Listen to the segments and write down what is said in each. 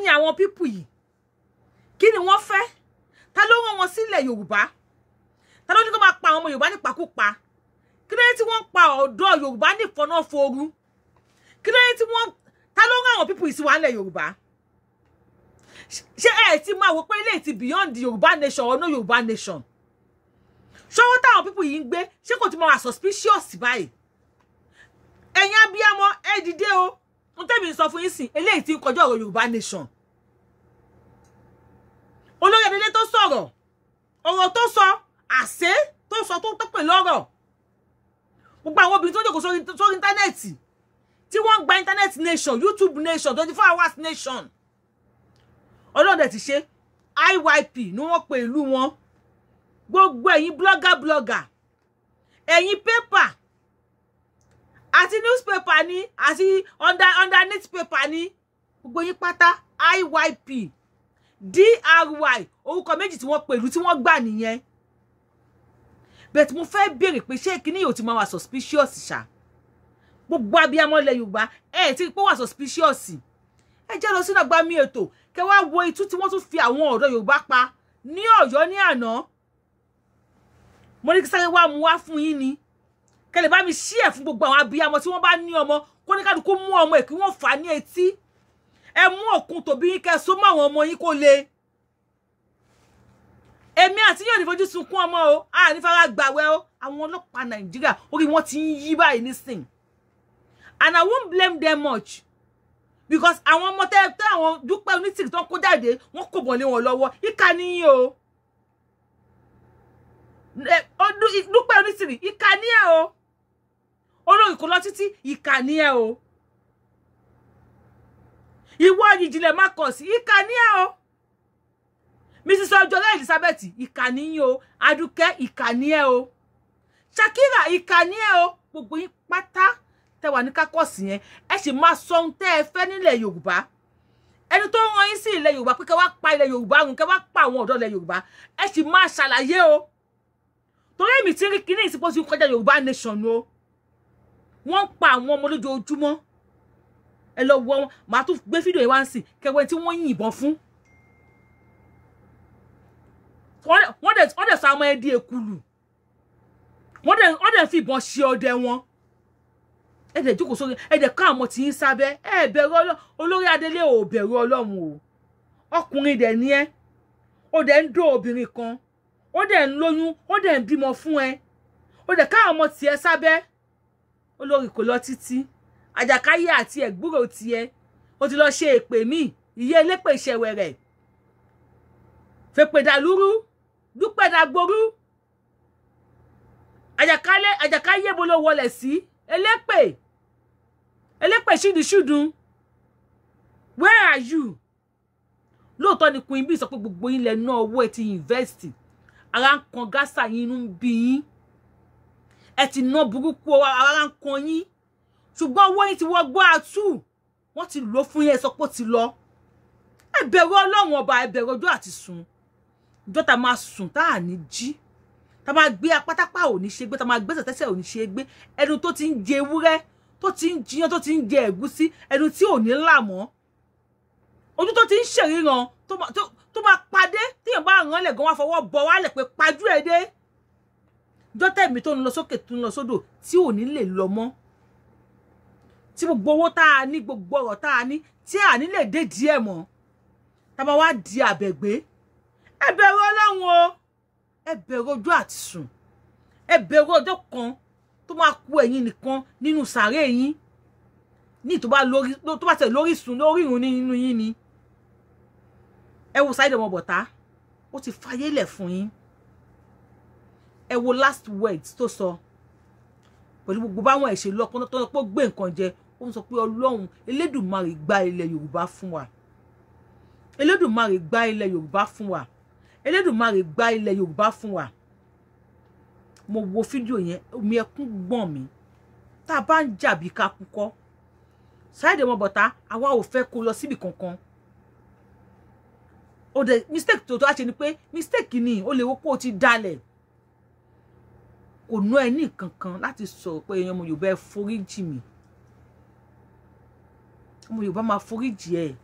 ni àwọn pípù yìí kí ni wọ́n fẹ́ ta ló rán wọn sílẹ̀ yorùbá ta ló ní kó máa pa àwọn ọmọ yorùbá nípakúpa kí ló dé tí wọ́n ń pa ọ̀dọ́ yorùbá nífọ̀nàfọ̀ọ́rú kí ló dé tí wọ́n ta ló rán àwọn pípù yìí sí wa nílẹ̀ yorùbá ṣé ẹ ti máa wò pé ilé ti beyond the yorùbá nation or no yorùbá nation ṣọwọ́ táwọn pípù yìí ń gbé ṣé kò ti máa wà suspicious báyìí ẹ̀yin abiyamọ ẹ dìde o n tẹ́mi sọ fún yín sìn eléyìí ti ń kọjá ọ̀rọ̀ Yorùbá nation olóyè délé tó sọ̀rọ̀ ọ̀rọ̀ tó sọ àṣẹ tó sọ tó tọ́pẹ̀ lọ́rọ̀ gbogbo àwọn obìnrin tó jókòó sórí íńtánẹ́ẹ̀tì tí wọ́n ń gba íńtánẹ́ẹ̀tì nation YouTube nation twenty four hours nation ọlọ́dẹ ti ṣe IYP ni wọ́n pe ìlú wọn gbogbo ẹ̀yin blogger blogger ẹ̀yin paper àti newspaper ni àti under under newspaper ni gbogbo yín pátá iyp dry orúkọ méjì tí wọ́n pẹ̀lú tí wọ́n gbà nìyẹn bẹ́ẹ̀ mo fẹ́ béèrè pé ṣé kíní yóò ti máa wà suspicious ṣá gbogbo abiyamọ ilẹ̀ yorùbá ẹ ti pé wà suspicious ẹ jẹ́ lọ sínú agbami ètò kẹ wá wo itú tí wọ́n tún fi àwọn ọ̀dọ́ yorùbá pa ní ọ̀yọ́ ní àná mo ní kí sáré wá mu wá fún yín ni kẹlẹ bá mi ṣí ẹ fún gbogbo àwọn abiyamọ tí wọ́n bá ní ọmọ kó ní kálukú mú ọmọ ẹ kí wọ́n fà ní etí ẹ mú òkun tòbí yín kẹ so mọ́ àwọn ọmọ yín kó le èmi àti yóò ní fojú sunkún ọmọ o a ní fara gbàwẹ̀ o àwọn ọlọ́pàá nàìjíríà orí wọn ti ń yí báyìí nísìn and i won't blame them much because àwọn ọmọ tẹ àwọn dúpẹ́ onítìrì tán kó jáde wọ́n kò bọ̀ lé wọn lọ́wọ́ ìka níyìn o dúpẹ́ onítìrì ìka níyìn o olóyìn kò lọ títí ìkà ni ẹ o ìwọ ìjìnlẹ̀ má kọ̀ sí ìkà ni ẹ o mrs ọjọlá elizabeth ìkà ni yín o adúkẹ́ ìkà ni ẹ o shakira ìkà ni ẹ o gbogbo yín pátá tẹwà ní kákọ́ọ̀sì yẹn ẹ sì máa sọ ohun tẹ́ ẹ fẹ́ nílẹ̀ yorùbá ẹni tó rán yín sí ilẹ̀ yorùbá pé kẹ́ wá pa ilẹ̀ yorùbá run kẹ́ wá pa àwọn ọ̀dọ́ ilẹ̀ yorùbá ẹ sì máa ṣàlàyé o torí èmi ti rí kinní ìsìnkú ti kọjá yorùbá nation o. No wọ́n pa àwọn ọmọ lójoojúmọ́ ẹ lọ wọ wọn màá tún gbé fídíò yìí wá sí kẹwẹ́ tí wọ́n yìnbọn fún wọ́n dẹ̀ sọ ọmọ ẹ di èkulù wọ́n dẹ̀ fi ìbọn ṣe ọdẹ wọn ẹ dẹ̀ jókòó sórí ẹ dẹ̀ ká àwọn tí ń sábẹ́ ẹ bẹ̀rù ọlọ́run olórí adélé ò bẹ̀rù ọlọ́run o ọkùnrin dẹ̀ ni ẹ́ ó dẹ̀ ń dó obìnrin kan ó dẹ̀ ń lóyún ó dẹ̀ ń bímọ fún ẹ ó dẹ̀ ká àwọn tí ẹ olórí kò lọ títí àjàkáyé àti ẹ̀gbúrò tiẹ̀ ó ti lọ ṣe èpè míì ìyé elépè ìṣẹ̀wẹ̀rẹ̀ fèpèdàlúrú dúpẹ̀dàgború àjàkáyé bo ló wọlẹ̀ sí elépè elépè ṣídìṣídùn where are you lóòótọ́ ni queen bee sọ pé gbogbo yín lẹ ná owó ẹ ti invest ara ń kan gásà yín inú ń bí yín ẹ ti ná burúkú ara ń kan yín ṣùgbọ́n owó yín ti wọgbọ́ àtú wọ́n ti lò fún yín ẹ sọ pé ó ti lọ ẹ bẹ̀rù ọlọ́run ọba ẹ bẹ̀rù ọjọ́ àti sùn ọjọ́ tá máa sùn tá à ní jí tá máa gbé apátápá ò ní ṣe gbé tá máa gbé tẹ̀tẹ̀sẹ̀ ò ní ṣe gbé ẹnu tó ti ń jẹ ewúrẹ́ tó ti ń jiyán tó ti ń jẹ ẹ̀gúsí ẹnu tí ò ní là mọ́ ojú tó ti ń ṣèríran tó máa pàdé tíyẹn bá ràn án lẹ̀ gan wá fọwọ́ bọ̀ wálẹ̀ pé pajú jọ́tẹ̀ mi tó ń lọ sókè tó ń lọ sódò tí ò ní lè lọ mọ́ tí gbogbo owó tá a ní gbogbo ọ̀rọ̀ tá a ní tí a ní lè dé díẹ̀ mọ́ tá a bá wá di àbẹ̀gbé ẹ bẹ̀rù ọlọ́run o ẹ bẹ̀rù ojú àti sùn ẹ bẹ̀rù ọjọ́ kan tó máa kú ẹ̀yin nìkan nínú sàárè yín ní tó bá lórí tó bá tẹ̀ lórí sùn lórí ìrùn nínú yín ni ẹ wo Saheed Ọmọbọ̀tá ó ti fayé lẹ̀ fún yín ẹ wo last words tó so. pẹ̀lú gbogbo báwọn ẹ̀ ṣe lọ́pọ̀ tó pọ̀ gbé nǹkan jẹ ó ń sọ pé ọlọ́run elédùnmarè gba ilẹ̀ yorùbá fún wa elédùnmarè gba ilẹ̀ yorùbá fún wa elédùnmarè gba ilẹ̀ yorùbá fún wa mo wo fídíò yẹn omi ẹkún gbọ̀n mi tá a bá ń jàbí ká kúkọ́ ṣáàdì wọn bọ̀tá àwa ò fẹ́ kó lọ kankan o de mistake tó tó a ṣe ni pé mistake ni o lè wo pé ti dale kò ná ẹ ní kankan láti sọ̀rọ̀ pé èèyàn ọmọ Yorùbá ẹ foríjì mi ọmọ Yorùbá máa foríjì ẹ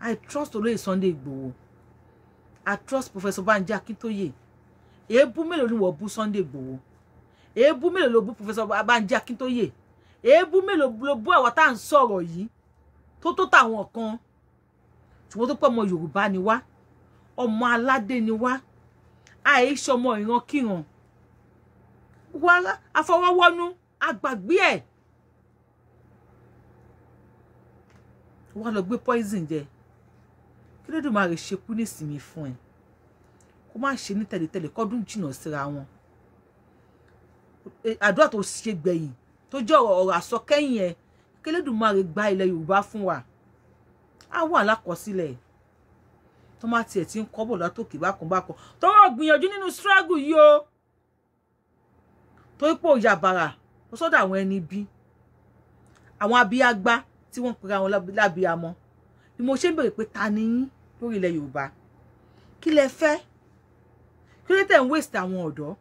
I trust olóyè Sunday Igboho I trust Professor Banji Akintoye èébú mélòó ni wọ́n bú Sunday Igboho èébú mélòó ló bú Professor Banji Akintoye èébú mélòó ló bú àwọn tá à ń sọ̀rọ̀ yìí tó tó tàwọn kan ṣùgbọ́n tó pọ̀ ọmọ Yorùbá ni wá ọmọ aládé ni wá àìṣọmọ ìrankíran àfọwọ́wọ́nú àgbàgbé ẹ̀ wọ́n lọ gbé poison jẹ kí ló dùn máa rè ṣekú nísìnyí fún ẹ kó má ṣe ní tẹ̀lé-tẹ̀lé kọ́dún jìnnà síra wọn àdúrà tó ṣe gbẹ̀yìn tó jẹ́ ọ̀rọ̀ àsọkẹ́yìn ẹ kí ló dùn máa rè gba ilẹ̀ Yorùbá fún wa á wà lákọsílẹ̀ tó má tiẹ̀ ti ń kọ́ bọ̀ látòkè bákan bákan tó wọ́n gbìyànjú nínú struggle yìí o torí pé òòyà bàrà ó sọ́dọ̀ àwọn ẹni bí àwọn abíyágbá tí wọ́n pera wọn lábíyamọ ni mo ṣe ń béèrè pé ta ni yín lórí ilẹ̀ Yorùbá kí lẹ fẹ́ kí ló tẹ̀ ń waste àwọn ọ̀dọ́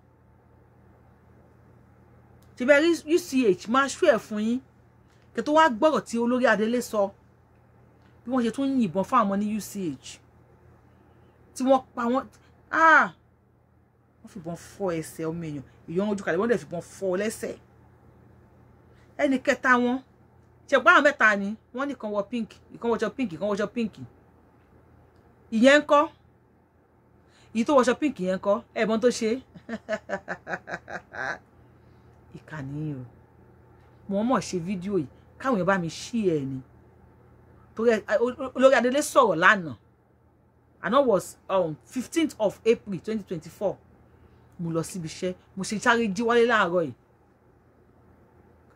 ṣèbẹ̀ UCH máa ṣú ẹ̀ fún yín kí tó wá gbọ́rọ̀ tí olórí Adélé sọ bí wọ́n ṣe tún yìnbọn fáwọn ọmọ ní UCH tí wọ́n pa wọ́n ah wọ́n fìbọn fọ́ ẹsẹ̀ ọmọ èèyàn èèyàn ojú kalẹ̀ wọ́n dẹ̀ fìbọn fọ́ lẹ́sẹ̀ ẹnì kẹta wọn ṣẹ̀gbọ́n àwọn mẹ́ta ni wọ́n nìkan wọ pink ìkan wọṣọ pink ìkan wọṣọ pink ìyẹn ń kọ́ èyí tó wọṣọ pink yẹn ń kọ́ ẹ̀bọn tó ṣe ìkànnì o mo mọ̀ ṣe fídíò yìí káwọn yẹn bá mi ṣí ẹ̀ ni torí olórí adélé sọ̀rọ̀ lánàá àná was um, 15th of April 2024 mo lọ síbi iṣẹ́ mo ṣe sáré jí wálé láàárọ̀ yìí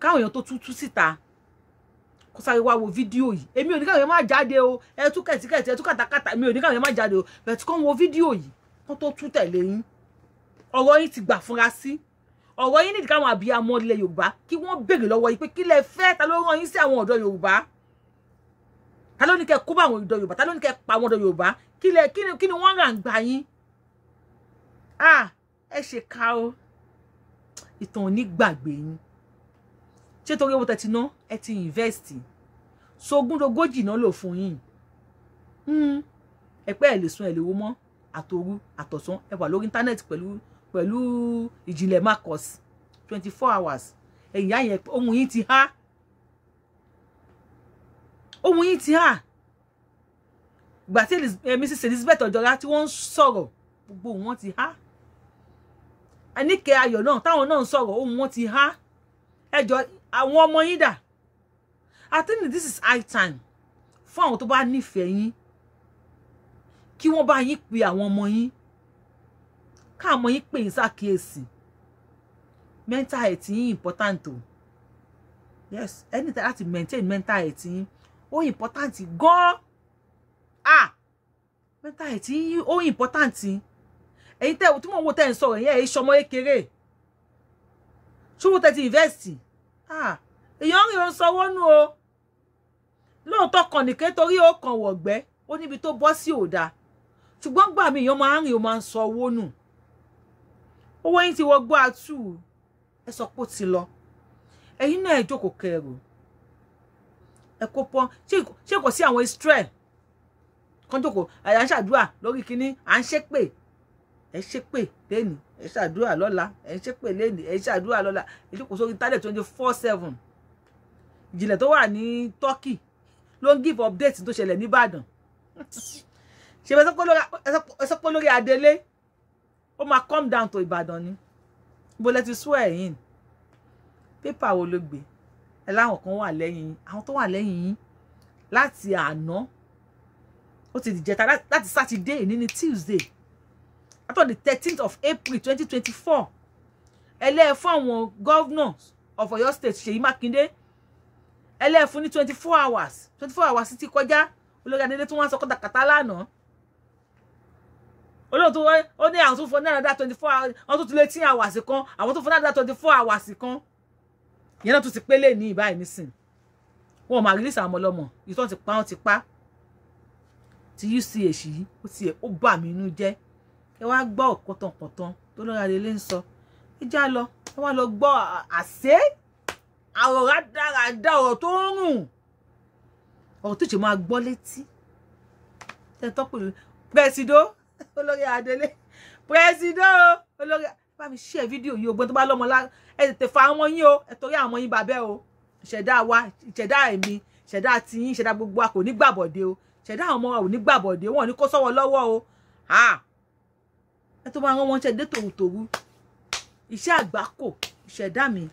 káwọn èèyàn tó tútú síta kó sáré wá wo fídíò yìí èmi ò ní káwọn èèyàn má jáde o ẹ tú kẹ̀tíkẹ̀tí ẹ tú kàtàkàtà èmi ò ní káwọn èèyàn má jáde o bẹ̀rẹ̀ tí kò ń wo fídíò yìí kó tó tú tẹ̀lé yín ọ̀rọ̀ yín ti gbà fúnra sí ọ̀rọ̀ yín nìdí káwọn àbíyamọ ilẹ̀ Yorùbá kí wọ́n béèrè lọ́wọ́ yìí pé kí lẹ fẹ́ ta ló rán yín sí àwọn ọ̀dọ́ Yorùbá ta ló ní kẹ kó bá àwọn ọ̀dọ́ Yorùbá ta ló ní kẹ pa àwọn ọ̀dọ́ Yorùbá kí ni wọ́n rà ń gbà yín ah ẹ ṣe ká o ìtàn ò ní gbàgbé yín ṣé torí owó tẹ̀tí ná ẹ ti invest so ogúndogójì náà lò fún yín hmm. ẹ pẹ́ ẹ lè sun ẹ lè mọ́ àtòru àtọ̀sán ẹ wà lórí íńtánẹ́ẹ̀tì pẹ̀lú pẹ̀lú ìjìnlẹ̀ marcus twenty four hours ẹ̀yìn àyẹ̀ ohun yìí ti há ohun yìí ti há gbàtí mrs elizabeth ọjọ́ra tí wọ́n ń sọ̀rọ̀ gbogbo wọn ti há. Àníkẹ́ Ayọ̀ náà táwọn náà ń sọ̀rọ̀ ohun wọn ti há ẹjọ́ àwọn ọmọ yín dà I think this is high time fún àwọn tó bá nífẹ̀ẹ́ yín kí wọ́n bá yín pe àwọn ọmọ yín káàmọ́ yín pè yín ṣàkíyèsí mental health yín important o yes anytime láti maintain mental health yín ó important gan-an ah mental health yín ó important yín ẹ̀yin tẹ́ tí mo ń wo tẹ́ ń sọ̀rọ̀ yẹn èyí ṣọmọ kékeré ṣòwò tẹ́ ti invest ah, èèyàn rìn òun sanwó nù o lóòótọ́ kàn nìkan torí ó kàn wọ̀gbẹ́ ó níbi tó bọ́ sí òdà ṣùgbọ́n gbà mí èèyàn máa ń rìn òun máa ń sanwó nù owó yín ti wọgbọ́ àtù ẹ sọ pé ó ti lọ ẹ̀yin náà ẹ jókòó kẹrù ẹ kó pọn ṣé kò sí àwọn israel kan jókòó à ń ṣàdúrà lórí kínní à ń ṣépè ẹ ṣépè lẹ́nìí ẹ ṣàdúrà lọ́la ẹ ṣépè lẹ́nìí ẹ ṣàdúrà lọ́la ìjókòó sórí tálẹ̀ twenty four seven ìjìnlẹ̀ tó wà ní Turkey ló ń give update tó ṣẹlẹ̀ nìbàdàn ṣe ẹ sọ pé lórí adelé ó máa come down to ìbàdàn ni bó lẹ ti swear in. pépà wo ló gbé ẹ láwọn kan wà lẹ́yìn yín àwọn tó wà lẹ́yìn yín láti àná ó ti dìjẹta láti sátidé ní ní Tuesday after the thirteenth of april twenty twenty four ẹlẹ́ẹ̀fún àwọn governors of Ọ̀yọ́ state Ṣèyí Mákindé ẹlẹ́ẹ̀fún ní twenty four hours twenty four hours ti kọjá olórí adédé tí wọ́n sọ kọ́tàkàtà lánàá olóòtú ó ní àwọn tó fún náírà twenty four hours àwọn tó tún lé ten hours kan àwọn tó fún náírà twenty four hours kan ìyẹn náà tún ti pélé ní ìbáyìí nísìn wọn ò máa release àwọn ọmọlọmọ ìtọ́ ti pa wọn ti pa ti UCH yìí ó tiẹ̀ ó bà mí inú jẹ́ ẹ wá gbọ́ ọ̀kọ̀tànkọ̀tàn tó lọ́ra lè lè ń sọ ẹ já lọ ẹ wá lọ gbọ́ àṣẹ àwòrán dáradá ọ̀rọ̀ tó ń rùn ọ̀rọ̀ tó ṣe máa gbọ́ létí ẹ tọ́pọ̀ ìlú pẹ̀sìdó olórí adélé pẹ̀sìdó olórí bá mi ṣe fídíò yìí ogbon tó bá lọ́mọ ẹ tètè fa àwọn yín o ẹ torí àwọn yín bàbẹ́ o ìṣẹ̀dá wa ìṣẹ̀dá èmi ìṣẹ̀dá tiyín ìṣẹ̀dá gbogbo a kò ní gbàbọ̀dé o ìṣẹ̀dá àwọn ọmọ wa ò ní gbàbọ̀dé wọn ò ní kó sọ́wọ́ lọ́wọ́ o ẹ tó máa rán wọn ṣe dé tòwútòwú iṣẹ́ àgbákò ìṣẹ̀dá mi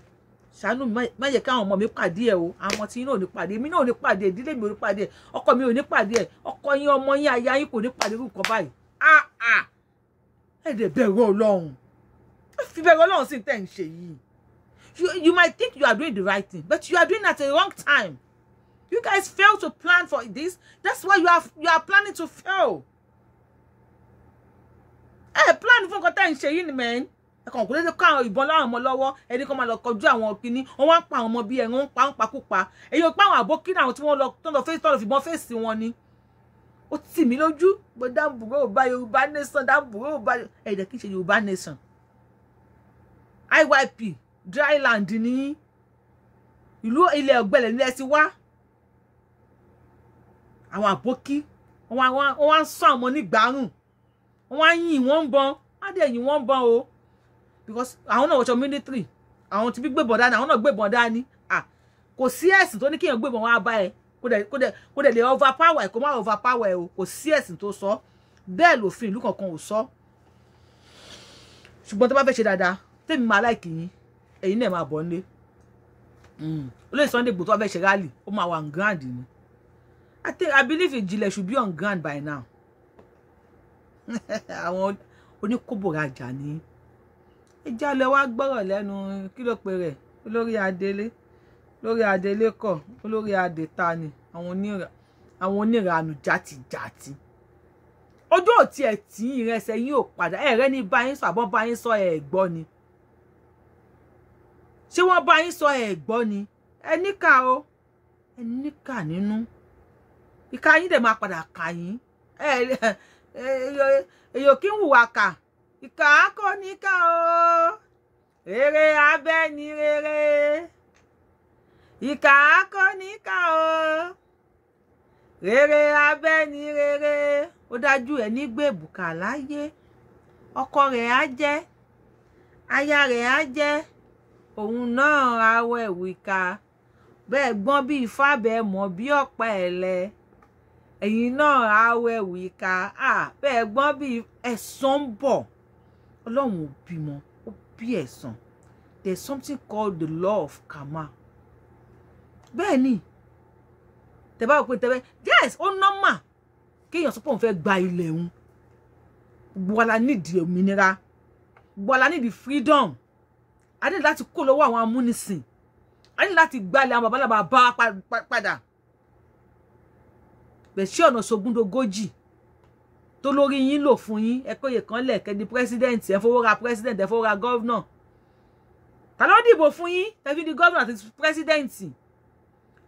ṣàánú má jẹ́ káwọn ọmọ mi pàdé ẹ o àwọn tí yín ò ní pàdé èmi náà ò ní pàdé ìdílé mi ò ní pàdé ọkọ mi ò ní pàdé ẹ ọkọ yín ọmọ yín aya yín kò ní pàdé irú nǹkan báyìí ah ah ẹ dẹ̀ bẹ̀rù Ọlọ́run ẹ fi bẹ̀rù Ọlọ́run sí tẹ̀ ń ṣe yìí you you might think you are doing the right thing but you are doing at a wrong time you guys fail to plan for this that's why you are you are planning to fail ẹ plan fún nǹkan tẹ́ ń ṣe yìí ni mẹ́rin ẹ̀kan kò dédé kó àwọn ìbọn láwọn ọmọ lọ́wọ́ ẹni kan máa lọ kọjú àwọn kìíní wọ́n wá ń pa àwọn ọmọ bíi ẹ̀rọ ń pa ń pakúpa èyí ò pa àwọn àbókínà àwọn tí wọ́n lọ face lọ fẹ́ẹ́ tọ́lọ̀ fìbọn fèsì wọn ni ó tì mí lójú bó dáàbòrò bá Yorùbá nation dáàbòrò bá ẹ̀dẹ̀ kì í ṣe Yorùbá nation IYP dryland ní ìlú le ọ̀gbẹ́lẹ̀ nílẹ̀ ti wá àwọn àbókí wọ́n wá ń sọ àwọn onígbàárùn wọ́n á yìn wọ́n ń bọn á dẹ̀ yìn wọ́n ń bọn o because àwọn náà wọṣọ military àwọn tí bí gbébọn dání àwọn náà gbébọn dání ah kò sí ẹ̀sìn tó ní kéèyàn gbébọn wọn á bá ẹ kó dẹ̀ lè overpower ẹ̀ kó má overpower ẹ̀ o kò sí ẹ̀sìn tó sọ bẹ́ẹ̀ lòfin ìlú kankan ò sọ ṣùgbọ́n tó bá fẹ́ ṣe dáadáa tèmi máa láìkì yín ẹ̀yin náà máa bọ̀ nílé hmm. olóyè Sunday Igboho tó bá fẹ́ ṣe rally ó máa wà on ground ni I think I believe ìjìnlẹ̀ should be on ground by now. àwọn oníkóbòrajà ní ìjà lọ wá gbọ́rọ̀ lẹ́nu kí ló pe rẹ̀ olórí adélé olórí adélé kọ̀ olórí adèta ni àwọn oníranù játijàti ojú òtí ẹ̀ tí ìrẹsẹ̀ yín ò padà ẹ̀rẹ́ ní báyìí sọ àbọ̀ báyìí sọ ẹ̀ gbọ́ ni ṣé wọ́n báyìí sọ ẹ̀ gbọ́ ni ẹ níkà o ẹ níkà nínú ìka yín dẹ̀ máa padà kà yín èyò kí ń hùwà kà ìkà á kò o rere abẹ́ ni rere ìkà á kò o rere abẹ́ ni rere ó dájú ẹ nígbè bùkà láyé ọkọ rẹ á jẹ, aya rẹ á jẹ, òun náà awọ ẹ̀wù ìkà bẹ́ẹ̀ gbọn bí ifá bẹ́ẹ̀ mọ̀ bí ẹlẹ. ẹ̀lẹ́ ẹ̀yin náà á wẹ̀wù ìka bẹ́ẹ̀ gbọ́n bí ẹ̀san ń bọ̀ ọlọ́run ò bímọ ó bí ẹ̀san there's something called the law of karma bẹ́ẹ̀ ni tẹ̀bá òpin tẹ̀bẹ́ yes ó nọ́mà kéèyàn sọ pé òun fẹ́ gba ilẹ̀ òun gbọ́lá nídìí òmìnira gbọ́lá nídìí freedom a ní láti kó lọ́wọ́ àwọn amúnisìn a ní láti gbalẹ̀ àwọn babalaba bá padà. Pa, pa, pa, Bẹ̀sí ọ̀nà sógúndogójì tó lórí yín lò fún yín ẹ kóye kan lẹ̀ kẹ́ni president ẹ fowó ra president ẹ fowó ra governor ta ló dìbò fún yín tẹ́bí ni governor àti president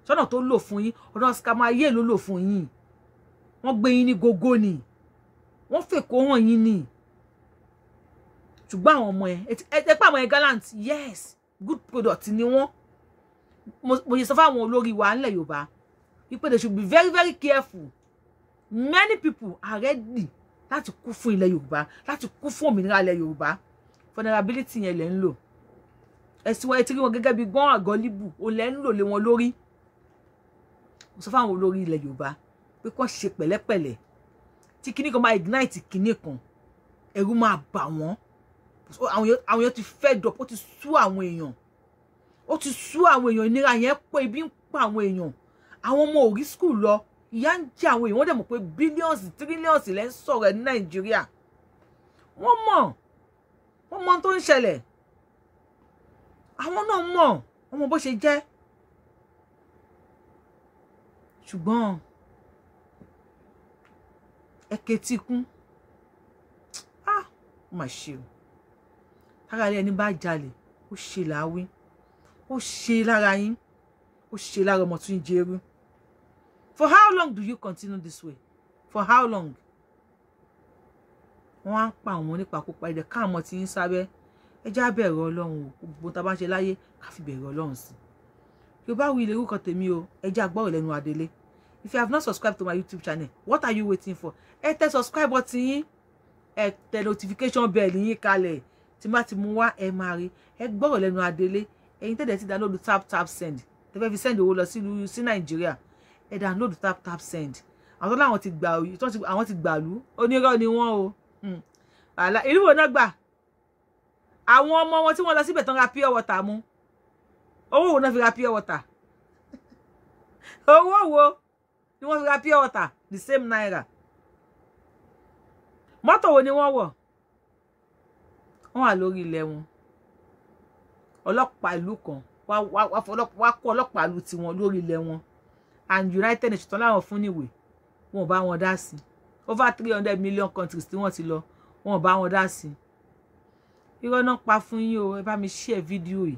sọ́nà tó lò fún yín ọ̀nà scam ayé ló lò fún yín wọ́n gbé yín ní gógó ni wọ́n fèkó hàn yín ni ṣùgbọ́n àwọn ọmọ ẹ ẹ tẹ́ pé ẹ gallant yes good product ni wọ́n mo ṣe sọ fáwọn olórí wa ńlẹ̀ Yorùbá wípé they should be very very careful many people are ready láti kú fún ilẹ̀ yorùbá láti kú fún òmìnira ilẹ̀ yorùbá vulnerability yẹn lẹ́ ń lò ẹ̀sìn wọ́n ti rí wọn gẹ́gẹ́ bí gán àgọ́ líbù ó lẹ́ ń lò lé wọn lórí mo sọ fáwọn olórí ilẹ̀ yorùbá pé kàn ṣe pẹ̀lẹ́pẹ̀lẹ́ tí kinní kan máa ignite kinní kan ẹ̀rù máa bà wọ́n àwọn èèyàn ti fẹ́ dọ̀ ó ti sú àwọn èèyàn ó ti sú àwọn èèyàn ìnira yẹn pọ̀ ebi ń pa àwọn èèyàn àwọn ọmọ ò rí skul lọ ìyá ń jẹ àwọn èèyàn dẹ̀ mọ̀ pé bílíọ̀nsì tírílíọ̀nsì lẹ́ ń sọ̀rọ̀ ẹ̀ ní nàìjíríà wọ́n mọ̀ wọ́n mọ̀ tó ń ṣẹlẹ̀ àwọn náà mọ̀ wọ́n mọ̀ bó ṣe jẹ́ ṣùgbọ́n ẹ̀kẹ́ tí kún á ah, mà ṣe o tára ilé ẹni bá jalè ó ṣe làáwí ó ṣe lára yín ó ṣe lára ọmọ tó ń jẹrú. For how long do you continue this way? For how long? Wọ́n á ń pa àwọn onípakúpa ẹ̀dẹ̀ káàmọ́ tí ń sábẹ́. Ẹ já bẹ̀rù Ọlọ́run o, gbogbo tá a bá ń ṣe láyé ká fi bẹ̀rù Ọlọ́run sí. Yorùbá wí ilé orúkọ tèmi o, ẹ já gbọ́rọ̀ lẹ́nu Adélé. If you have not subscribed to my YouTube channel, what are you waiting for? Ẹ tẹ subscribe button yín, ẹ tẹ notification bell yín kalẹ̀. Tí má ti mú wá ẹ máa rí. Ẹ gbọ́rọ̀ lẹ́nu Adélé. Ẹ̀yin tẹ̀dẹ̀ ti download tap tap send. Tẹ́fẹ́ fi send owó lọ sí Nàìjíríà ẹ download tap tap send àwọn tó láwọn ti gbà òyìn àwọn ti gbàlú onírọ́ ni wọ́n o ìlú hmm. wo náà gbà àwọn ọmọ wọn tí wọ́n lọ síbẹ̀ tán ra pure water mu owó wo náà fi ra pure water owó wo ni wọ́n fi ra pure water the same naira mọ́tò wo ni wọ́n wọ̀ wọ́n wà lórí ilẹ̀ wọn ọlọ́pàá ìlú kan wá kó ọlọ́pàá ìlú tiwọn lórí ilẹ̀ wọn and united nations láwọn fún níwèé wọn ò bá wọn dá sí over three hundred million countries tí wọ́n ti lọ wọn ò bá wọn dá sí irọ́ náà pa fún yín o ẹ bá mi share fídíò yìí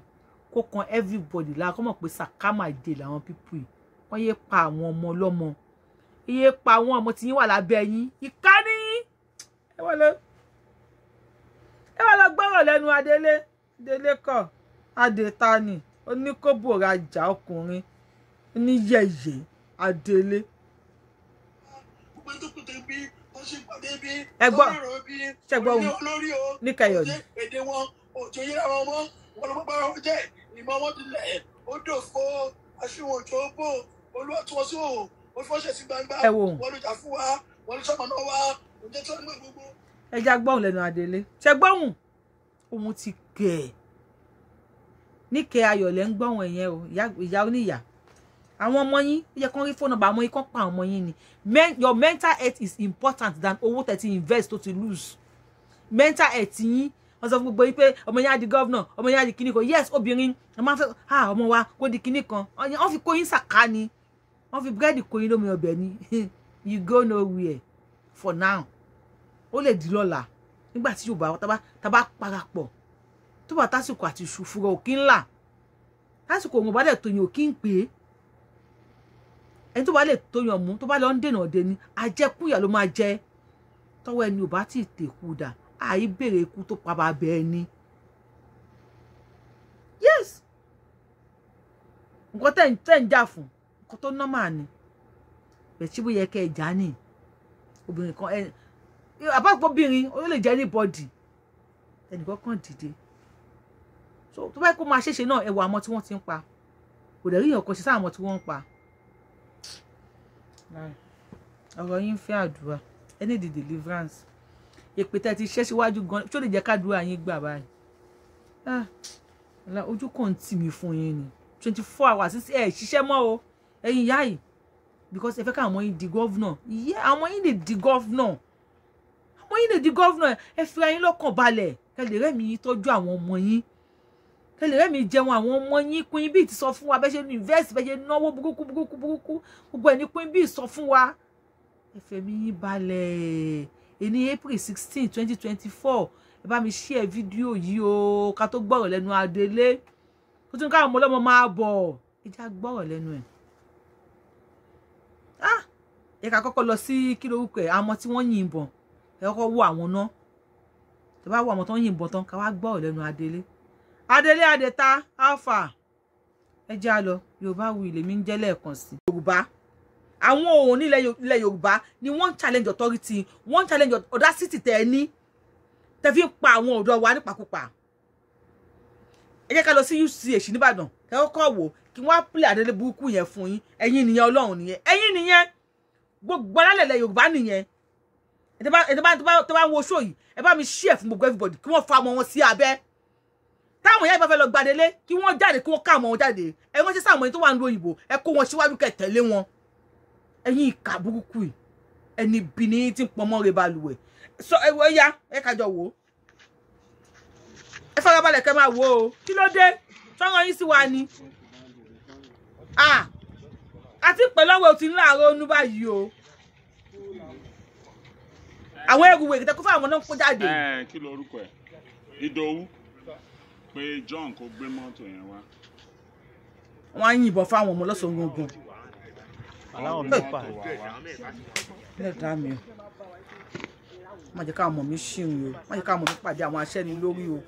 kó kan everybody la kó mọ̀ pé sàkámà dé làwọn pípù yìí wọ́n yéé pa àwọn ọmọ ọlọ́mọ iye pa àwọn ọmọ tí yín wà lábẹ́ yín ìka níyín ẹ wọ́n lọ ẹ wọ́n lọ gbọ́rọ̀ lẹ́nu adélé adélé kọ́ adèta ni oníkóbò rajà ọkùnrin ní yẹ̀yẹ̀ adélé. ẹgbọ́n ṣẹgbọ́n ní kẹyọ̀dù. èdè wọn òjò yíra wọn mọ́ wọn ló bá wọn jẹ́ ìmọ̀ wọn ti lẹ̀ ó dòfo aṣíwọ̀n òjò bò olùwàtúwọ̀sí òwò ó fọ́ṣẹ̀ sí gbangba wọn ló jà fún wa wọn ló sọ̀mọ́ náà wá ǹjẹ́ tí wọ́n ń gbé gbogbo. ẹ lẹ́nu adélé ṣẹgbọ́hùn òun ti kẹ̀ ẹ́ níkẹ́ ayọ̀ ń gbọ́hùn ẹ̀yẹn o ìyá oníyà àwọn ọmọ yín ó yẹ kán rí phone number àwọn yín kán pa ọmọ yín ni your mental health is important than owó tẹ̀ ti invest tó ti lose mental health yín wọ́n sọ fún gbogbo yín pé ọmọ yín á di gọ́vnà ọmọ yín á di kíní kan yes obìnrin ẹ máa fẹ́ ha ọmọ wa kó di kíní kan wọ́n fi kó yín sàká ni wọ́n fi búrẹ́dì kó yín lómi ọbẹ̀ ni you go nowhere for now ó lè di lọ́la nígbà tí yorùbá tábà tábà parapọ̀ tó bá tásìkò àti ìṣù fúra òkín là tásìkò òun bá dẹ̀ tó yín òkín pè é ẹni tó bá lè tó yan mú tó bá lọ ń dènà dé ni ajẹkúnyà ló máa jẹ tọ́wọ́ ẹni ò bá tí tèkú dà àì béèrè ikú tó pa bàbá ẹni. yes nǹkan tẹ̀ ń tẹ̀ ń jà fún nǹkan tó nọ́mà ni bẹ̀tí bó yẹ kẹ́ ẹ jà ní obìnrin kan ẹni àbápọ̀ obìnrin ó lè jẹ́ ní bọ́dì ẹnìkan kan dìde tó bá yẹ kó máa ṣèṣe náà ẹ wọ àwọn tí wọ́n ti ń pa kò dẹ̀ rí ìyàn ṣe sáà àwọn tí wọ́n ń pa ọ̀rọ̀ yín fẹ́ àdúrà ẹ ní the deliverance èpè tẹ́ ti ṣẹ́ síwájú gan tí ó lè jẹ́ kádùúrà yín gbà báyìí ah, ojú kò ń tì mí fún yín ni twenty four hours sísè ẹ̀ ṣiṣẹ́ mọ́ o ẹ̀yin yá yìí because ẹ fẹ́ ká àwọn yín di gọ́vnà yẹ àwọn yín lè di gọ́vnà àwọn yín lè di gọ́vnà ẹ fi ara yín lọ́kàn balẹ̀ kẹ́ lè rẹ́mi yín tọ́jú àwọn ọmọ yín ẹ lè rẹ́mi jẹun àwọn ọmọ yín Queen Bee ti sọ fún wa bẹ́ẹ̀ ṣe ní invest bẹ́ẹ̀ ṣe náwó burúkú burúkú burúkú gbogbo ẹ̀ ní Queen Bee sọ fún wa ẹ fẹ̀mí yín balẹ̀ ẹ April sixteen twenty twenty four ẹ bá mi share fídíò yìí o ká tó gbọ́rọ̀ lẹ́nu Adélé tó tún káwọn ọmọlọ́mọ máa bọ̀ ẹ já gbọ́rọ̀ lẹ́nu ẹ̀ ah ẹ ká kọ́kọ́ lọ sí kí lorúkọ ẹ̀ àwọn tí wọ́n yìnbọn ẹ kọ́kọ́ wo àwọn náà tó bá wo àwọn tó ń yìnbọn tán ká wá gbọ́rọ̀ lẹ́nu Adélé adélé adéta alpha ẹ já lọ yorùbá wù ilé mi ń jẹ́ lẹ́ẹ̀kan sí. yorùbá àwọn òun ní ilẹ̀ yorùbá ni wọ́n ń challenge authority wọ́n ń challenge audacity tẹ̀ ẹ́ ní tẹ̀ fi ń pa àwọn ọ̀dọ́ wa nípakúpa ẹ jẹ́ ká lọ sí UCH nìbàdàn ẹ kọ́kọ́ wò kí wọ́n á pílẹ̀ àdélé burúkú yẹn fún yín ẹ̀yin nìyẹn ọlọ́run nìyẹn ẹ̀yin nìyẹn gbogbo alálẹ̀lẹ̀ yorùbá nìyẹn ẹ̀ tó bá ń wo ṣó yìí ẹ bá mi ṣí ẹ̀ fún gbogbo everybody kí wọ́n fa ọmọ wọn sí abẹ́ táwọn ìyá ìbáfẹ́ lọ gbadélé kí wọ́n jáde kí wọ́n ká àwọn ọmọ jáde ẹ wọ́n ṣe sáwọn ẹni tó wà ń lo òyìnbó ẹ kó wọn síwájú kẹ tẹ̀lé wọn ẹ̀yin ìkà burúkú yìí ẹni bìnní tí ń pọnmọ́ rẹ̀ balùwẹ̀ sọ ẹ wọ ya ẹ kájọ wò ó ẹ farabalẹ̀ kẹ máa wò ó kí ló dé sọ́rọ̀ yín sí wa ni àti pẹ̀lọ́wọ́ ò ti ń láàárọ̀ onú báyìí o àwọn ẹrù wèrè tẹkọ fún àwọn náà kó jáde. kí lorúkọ ẹ Ìdòwú pé John kò gbé mọ́tò yẹn wá. wọ́n á yìnbọn fáwọn ọmọ lọ́sàn-án ogun. aláwọ̀ mi pa lẹ́ẹ̀dá mi o má jẹ́ káwọn ọmọ mi ṣìrìn o má jẹ́ káwọn ọmọ mi pàdé àwọn aṣẹ́ni lórí o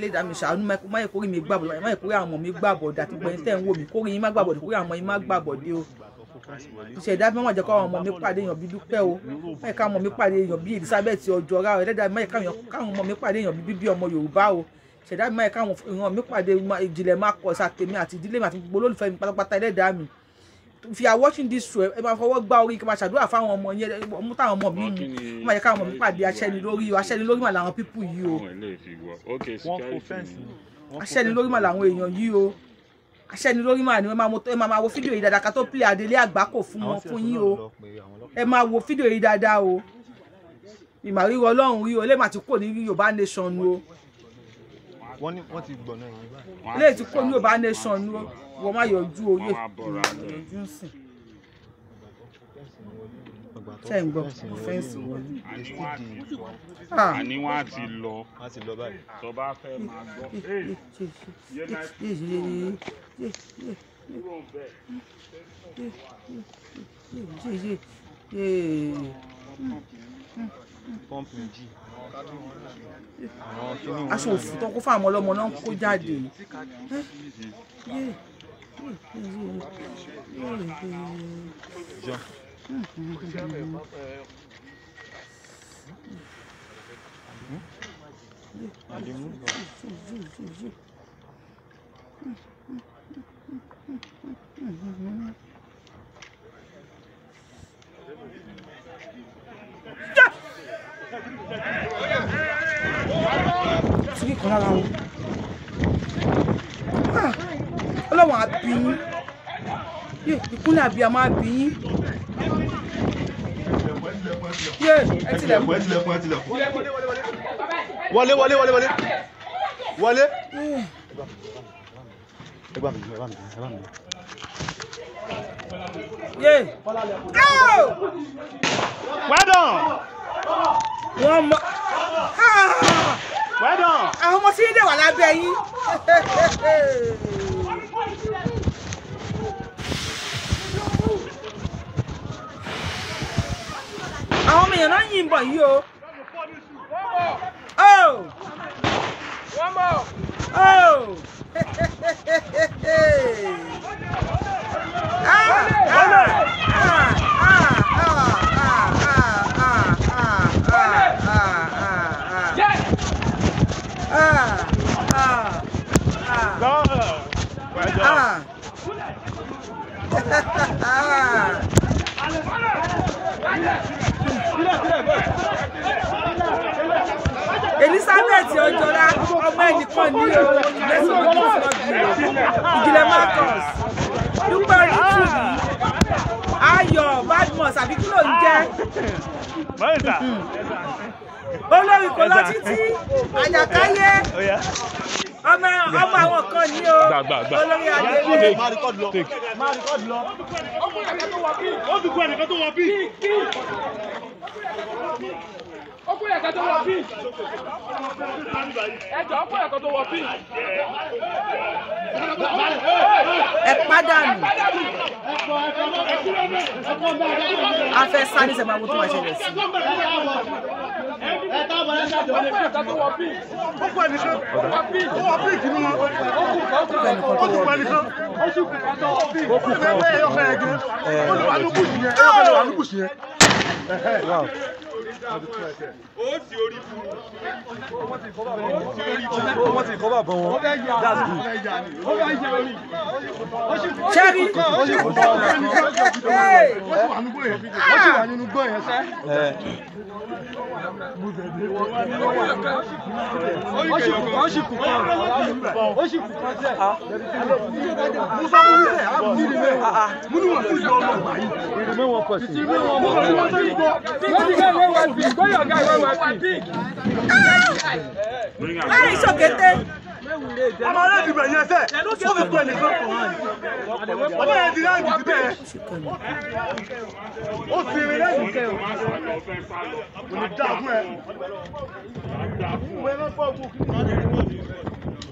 lẹ́ẹ̀dá mi ṣàánú má yẹ kórìí mi gbàbọ̀ má yẹ kórìí àwọn ọmọ mi gbàbọ̀ dà tí gbẹ̀yìn tẹ̀ ń wò mí kórìí yín má gbàbọ̀ dé kórìí àwọn ọmọ yín má gbàbọ̀ dé o ìṣẹ̀dá bí wọ́n jẹ́ kọ́ àwọn ọmọ mi pàdé èèyàn bí dúpẹ́ o mẹ́ẹ̀ká ọmọ mi pàdé èèyàn bí Elizabeth ọjọ́ ra ẹlẹ́dàá mẹ́ẹ̀ká àwọn ọmọ mi pàdé èèyàn bí bíbí ọmọ Yorùbá o ṣẹ̀dá mi máa káwọn ìran mi pàdé ìjìnlẹ̀ máa kọ̀ ṣàtẹ̀mí àti ìdílé mi àti gbogbo olólùfẹ́ mi pátápátá ẹlẹ́dàá mi if you are watching this show ẹ máa fọwọ́ gbá orí kí n máa ṣàdúrà fáwọn ọmọ yẹn mú táwọn ọmọ mi mú kí n máa yẹ káwọn ọmọ mi pàdé aṣẹ́nilórí o aṣẹ́nilórí mà làwọn pípù yìí o aṣẹ́nilórí mà làwọn èèyàn yìí o aṣẹ́nilórí mà ni ẹ máa máa wo fídíò yìí dáadáa ká tó play Adele Agbako fún wọn fún yín o ẹ máa wo fídíò yìí dáadáa o ìmàríwọ ọlọ́run rí o lè má ti kò ní Yorùbá nation o wọ́n ní wọ́n ti gbọ̀nà yìí báyìí. ilé tí kò ní Yorùbá nation ni wọ́n máa yọjú oyè yọjú sìn. ń gbọ́ fẹ́ǹsì wọ́n á ti lọ aṣọ òfin tó kó fáwọn ọlọ́mọ náà kó jáde Yeah sí kíkan lára wọn ah, ọlọ́wọ́n àbíyín ìkúnlẹ̀ àbí àmọ́ àbíyín wọlé wọlé wọlé wọlé wọlé ẹgbà mi ẹgbà mi ẹgbà mi. Well done wọ́n mọ. wẹ́dọ̀. àwọn ọmọ tí ń dẹ̀ wà lábẹ́ yín. àwọn ọmọ èèyàn náà yìn bọ̀ yìí o. Oh! One more! Oh! Hey, hey, hey, hey, hey. Ah! Ah! Ah. Elizabeth Ojola ọmọ ẹnìkan ní o lẹ́sìn ojú ìfọ̀gbìn ìjìnlẹ̀ Marcus dúpẹ́ rìtù Ayọ̀ Badmus àbí kí ló ń jẹ́ olórí kò lọ títí àjàkáyé ọmọ ọmọ àwọn kan ní o olórí adélé má rìkọ́dù lọ má rìkọ́dù lọ ó dùkú ẹnìkan tó wọ bí ó pé ẹ̀kọ́ tó wọ pink ẹ̀jọ̀ ó pé ẹ̀kọ́ tó wọ pink. ẹ pàdánù a fẹ́ sáré sẹ́gbà wo tó wà ṣẹlẹ̀ sí. Ọkọ ẹnìkan tó wọ pink ni wọn. Ọkọ ẹnìkan tó wọ pink oṣù ní dáa fún ẹ ó sì orí fún un ó sì orí fún un ó sì kọ́ bàbá wọn that's good. ó bẹ yà orí ó sì kú sẹ́rí ó sì kú tọ́ ó sì wà nínú gbọ́ yẹn sẹ́. ó sì kú kọ́ ó sì kú kọ́ sẹ́. musa mú mi sẹ́ àbúrò mi mú mi wà fún ìjọ ọlọ́ọ̀gbà yìí. ìrìnnà wọn pọ̀ one big. Go your guy one one big. Where is Okete? I'm already by your side. So the point is not for hand. What are the land is there? Oh, see, we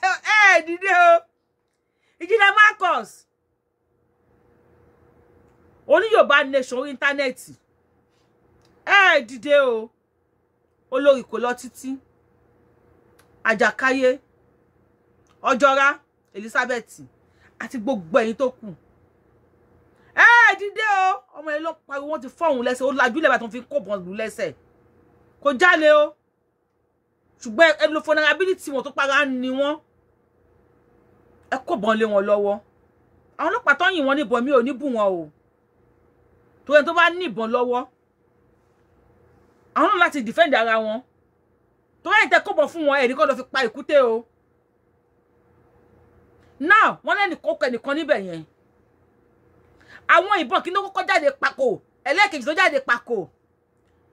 ẹ eh, dìde o ìjìnlẹ̀ Marcus oní Yorùbá nation orí íńtánẹ́ẹ̀tì ẹ eh, dìde o olórí kò lọ títí àjàkáyé ọjọ́ra Elizabeth àti gbogbo ẹ̀yin tó kù ẹ eh, dìde o ọmọ yẹn ló pariwo wọ́n ti fọ́hùn lẹ́sẹ̀ ó lajú lẹ́bàá fi kó bọ́n lù lẹ́sẹ̀ kò jáde o ṣùgbọ́n ẹlòfọ́nà ability wọn tó para ni wọ́n ẹ kó bọn lé wọn lọ́wọ́ àwọn ọlọ́pàá tó ń yìn wọn níbọn mi ò ní bù wọn o tó ẹni tó bá ní ìbọn lọ́wọ́ àwọn náà defend ara wọn tó bá yìí tẹ kóbọ̀ fún wọn ẹ̀rí kọ́ lọ fi pa ikute o now wọn lẹ́nu kókó ẹnìkan níbẹ̀ yẹn àwọn ìbọn kí ló kọ́kọ́ jáde pàkó ẹlẹ́ẹ̀kejì tó jáde pàkó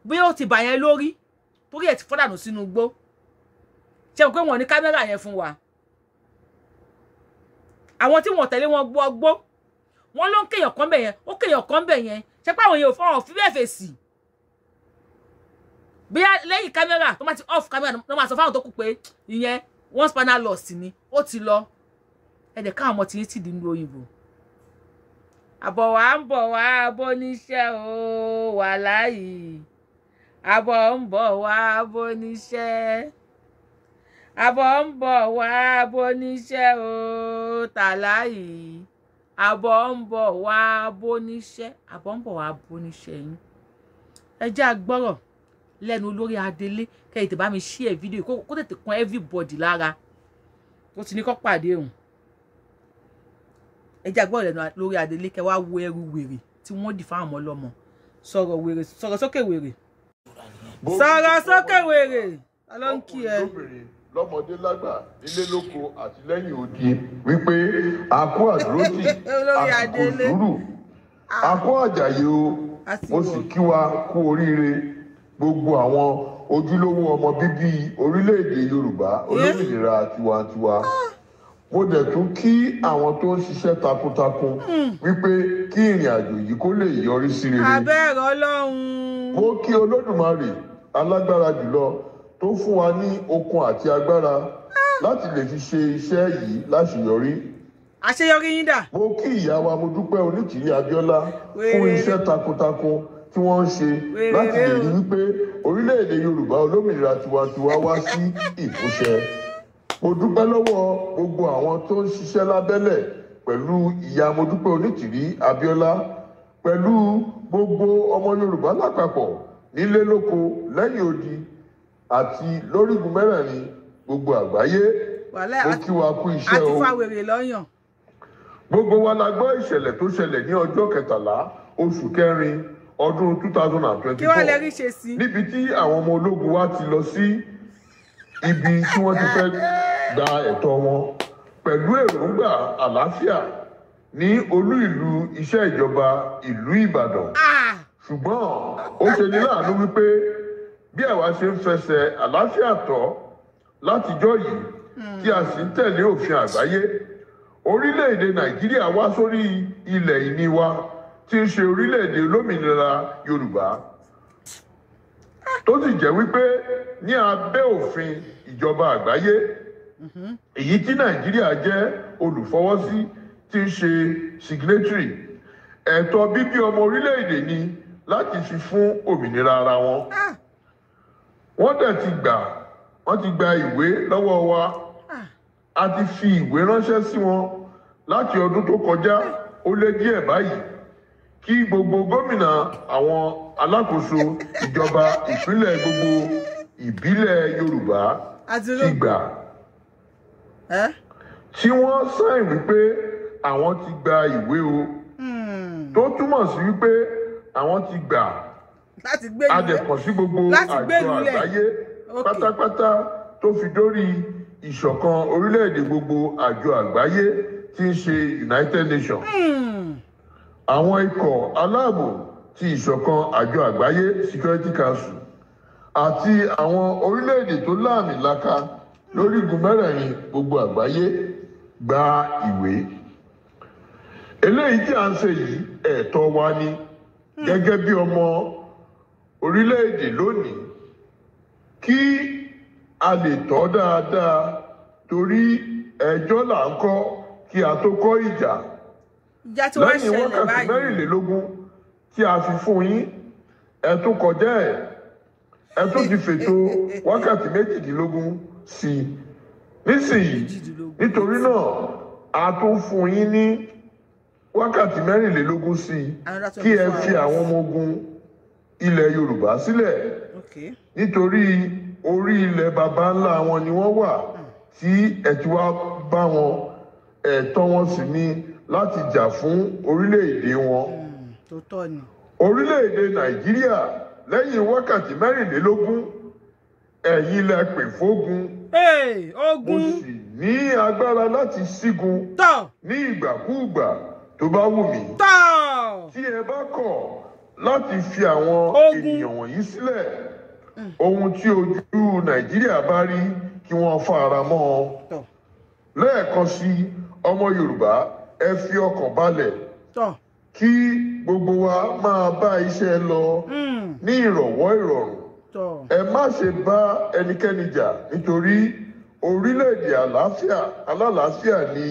bí ó ti bà yẹn lórí torí ẹ̀ ti fọ́dànù sínú igbó ṣe pé wọn ní kámẹ́rà yẹn fún wa àwọn tí wọ́n tẹ̀lé wọn gbọ́ gbọ́ wọ́n ló ń kéèyàn kan bẹ̀ yẹn ó kéèyàn kan bẹ̀ yẹn ṣe pé àwọn èèyàn ò fi bẹ́ẹ̀ fèsì bí lẹ́yìn kámẹ́rà tó máa ti off kámẹ́rà tó máa sọ fáwọn tó kù pé ìyẹn one spanner loss ni ó ti lọ ẹ̀dẹ̀ káwọn ọmọ tí yín ti di ní òyìnbó àbọ̀ wá ń bọ̀ wá abóníṣẹ́ o wà láàyè àbọ̀ ń bọ̀ wá abóníṣẹ́ àbọ̀ ń bọ̀ wá bóníṣẹ́ o tàláyì àbọ̀ ń bọ̀ wá bóníṣẹ́ àbọ̀ ń bọ̀ wá bóníṣẹ́ yín ẹ jẹ́ àgbọ́rọ̀ lẹ́nu olórí adelé kẹ́yìn tẹ̀ bá mi ṣí ẹ̀ fídíò kó tètè kan everybody lára tó ti ní kọ́ pàdé òun ẹ jẹ́ àgbọ́rọ̀ lẹ́nu olórí adelé kẹ́ wá wo ẹrù wèrè tí wọ́n dì fáwọn ọmọ ọlọ́mọ sọ̀rọ̀ wèrè sọ̀rọ̀ sókè wèrè sọ̀rọ̀ sókè wèrè ọlọ́nkì ẹ lọ́mọdé lágbà nílé lóko àti lẹ́yìn odi wípé àkó àdúrótì àsìkò sùúrù àkó àjàyè o mo sì kí wa kú oríire gbogbo àwọn ojúlówó ọmọ bíbí orílẹ̀-èdè yorùbá olómìnira tiwantiwa ah. mo dẹ̀ tún kí àwọn tó ń ṣiṣẹ́ takuntakun hmm. wípé kí ìrìn àjò yìí kó lè yọrí sí rere. abẹ́rẹ́ ọlọ́run. mo kí olódùmarè alágbára jùlọ tó fún wa ní okun àti agbára láti lè fi ṣe iṣẹ́ yìí láṣeyọrí. àṣeyọrí yín dà. mo kí ìyá wa mo dúpẹ́ Onítìrí Abíọ́lá fún iṣẹ́ takuntakun tí wọ́n ń ṣe láti lè rí wípé orílẹ̀-èdè Yorùbá olómìnira tiwantiwa wá sí ìmúṣẹ. mo dúpẹ́ lọ́wọ́ gbogbo àwọn tó ń ṣiṣẹ́ lábẹ́lẹ̀ pẹ̀lú ìyá mo dúpẹ́ Onítìrí Abíọ́lá pẹ̀lú gbogbo ọmọ Yorùbá lápapọ̀ nílé lóko lẹ́yìn odi àti lórígun mẹ́rẹ̀ẹ̀rin gbogbo àgbáyé mo kí wa kú iṣẹ́ o gbogbo wa la gbọ́ ìṣẹ̀lẹ̀ tó ṣẹlẹ̀ ní ọjọ́ kẹtàlá oṣù kẹrin ọdún two thousand and twenty four níbi tí àwọn ọmọ ológun wa ti lọ sí ibi tí wọ́n ti fẹ́ gba ẹ̀tọ́ wọn pẹ̀lú èròǹgbà àlàáfíà ní olú ìlú iṣẹ́ ìjọba ìlú Ìbàdàn ah! ṣùgbọ́n ó ṣe ní láàánú wípé bí àwa ṣe ń fẹsẹ̀ àlàáfíà tọ̀ látijọ́ yìí tí a sì ń tẹ̀lé òfin àgbáyé orílẹ̀-èdè nàìjíríà wá sórí ilẹ̀ ìní wa tí ń ṣe orílẹ̀-èdè olómìnira yorùbá tó sì jẹ́ wípé ní abẹ́ òfin ìjọba àgbáyé èyí tí nàìjíríà jẹ́ olùfọwọ́sí tí ń ṣe signatory ẹ̀tọ́ bíbí ọmọ orílẹ̀-èdè ni láti fi fún òmìnira ara wọn wọ́n dẹ̀ ti gbà wọ́n ti gba ìwé lọ́wọ́ wa ah. a ti fi ìwé ránṣẹ́ sí wọn láti ọdún tó kọjá ah. ó lé díẹ̀ báyìí kí gbogbo gómìnà àwọn alákòóso ìjọba ìpínlẹ̀ gbogbo ìbílẹ̀ Yorùbá ti gbà eh? tí wọ́n sáìn wípé àwọn ti gba ìwé o hmm. tó túmọ̀ sí wípé àwọn ti gbà láti gbé ìlú adẹ̀kọ̀ sí gbogbo àjọ àgbáyé pátápátá tó fi dórí ìṣọ̀kan orílẹ̀-èdè gbogbo àjọ àgbáyé tí ń ṣe United Nations. Hmm. àwọn ikọ̀ aláàbò ti ìṣọ̀kan àjọ àgbáyé Security Council àti àwọn orílẹ̀-èdè tó láàmìlaka lórígun mẹ́rẹ̀ẹ̀rin gbogbo àgbáyé gba ìwé. eléyìí tí à ń ṣe yìí ẹ̀tọ́ wa ni hmm. gẹ́gẹ́ bí ọmọ orílẹ̀-èdè lónìí kí a lè tọ́ dáadáa torí ẹjọ́ là ń kọ́ kí a tó kọ́ ìjà lẹ́yìn wákàtí mẹ́rìnlélógún tí a fi fún yín ẹ tún kọjá ẹ̀ ẹ tún ti fètò wákàtí méjìdínlógún sí i nísìnyí nítorí náà a tún fún yín ní wákàtí mẹ́rìnlélógún sí i kí ẹ fi àwọn ọmọ ogun ilẹ̀ yorùbá sílẹ̀ nítorí orí ilẹ̀ baba ńlá wọn ni wọ́n wà hmm. tí ẹ̀tí wá bá wọn ẹ̀tọ́ wọn sì ni láti jà fún orílẹ̀-èdè wọn. Hmm, orílẹ̀-èdè nàìjíríà lẹ́yìn wákàtí mẹ́rìnlélógún ẹ̀yin lẹ pè fógun mo sì ní agbára láti sígun ní ìgbàkúùgbà tó bá wù mí tí ẹ bá kọ̀ láti fi àwọn ènìyàn wọ̀nyí sílẹ̀ ohun tí ojú nàìjíríà bá rí kí wọ́n fara mọ́ ọ. lẹ́ẹ̀kan sí ọmọ yorùbá ẹ fi ọkàn balẹ̀ kí gbogbo wa máa bá iṣẹ́ lọ hmm. ní ìrọ̀wọ́ ìrọ̀rùn ẹ má ṣe bá ẹnikẹ́ni jà nítorí orílẹ̀-èdè alálàáfíà ni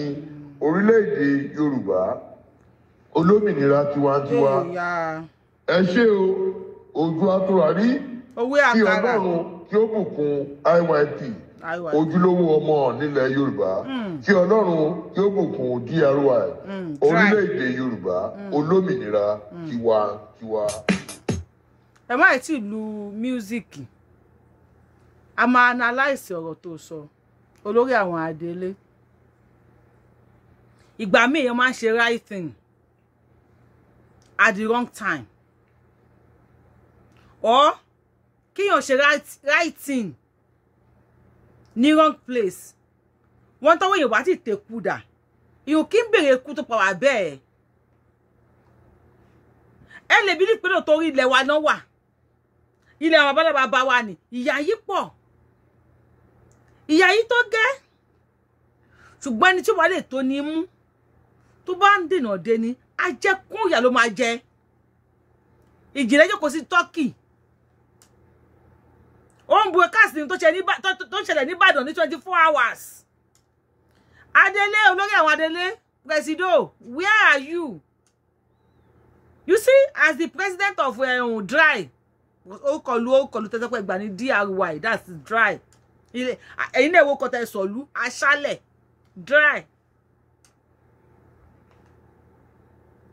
orílẹ̀-èdè yorùbá olómìnira tiwantiwa. Yeah ẹ ṣe o ojú àtúràrí hmm. kí ọlọ́run kí ó bùkún IYP ojúlówó ọmọ nílẹ̀ yorùbá kí ọlọ́run kí ó bùkún DRY orílẹ̀-èdè yorùbá hmm. olómìnira hmm. tiwantiwa. ẹ má ì tí ì lu míúsíkì a máa analyse ọ̀rọ̀ tó sọ olórí àwọn adélé ìgbà míì èèyàn máa ń ṣe right thing at the wrong time or kíyàn ṣe right thing ní wrong place wọ́n tọ́wọ́ yìí wá ti tẹ̀kù dà ìhùn kí ń bèrè ikú tó pa wá bẹ́ẹ̀ ẹ lè bí nípínlẹ̀ torí ilẹ̀ wa náà wà ilẹ̀ àwọn bàbá bàbá wa ni ìyà yìí pọ̀ ìyà yìí tó gẹ́ ṣùgbọ́n ẹni tí wọ́n lè tó ní mú tó bá ń dènà dé ni ajẹkún ìyà ló máa jẹ ìjìnlẹ̀ jókòó sí tọ́kì ó ń broadcast tó ṣẹlẹ̀ nìbàdàn ní twenty four hours adele olórí àwọn adele presido where are you you see as the president of um, dry okolu okolu tẹsẹpẹ gbà ní dry that's dry ẹ̀yin náà wo kọtẹ sọlú aṣálẹ̀ dry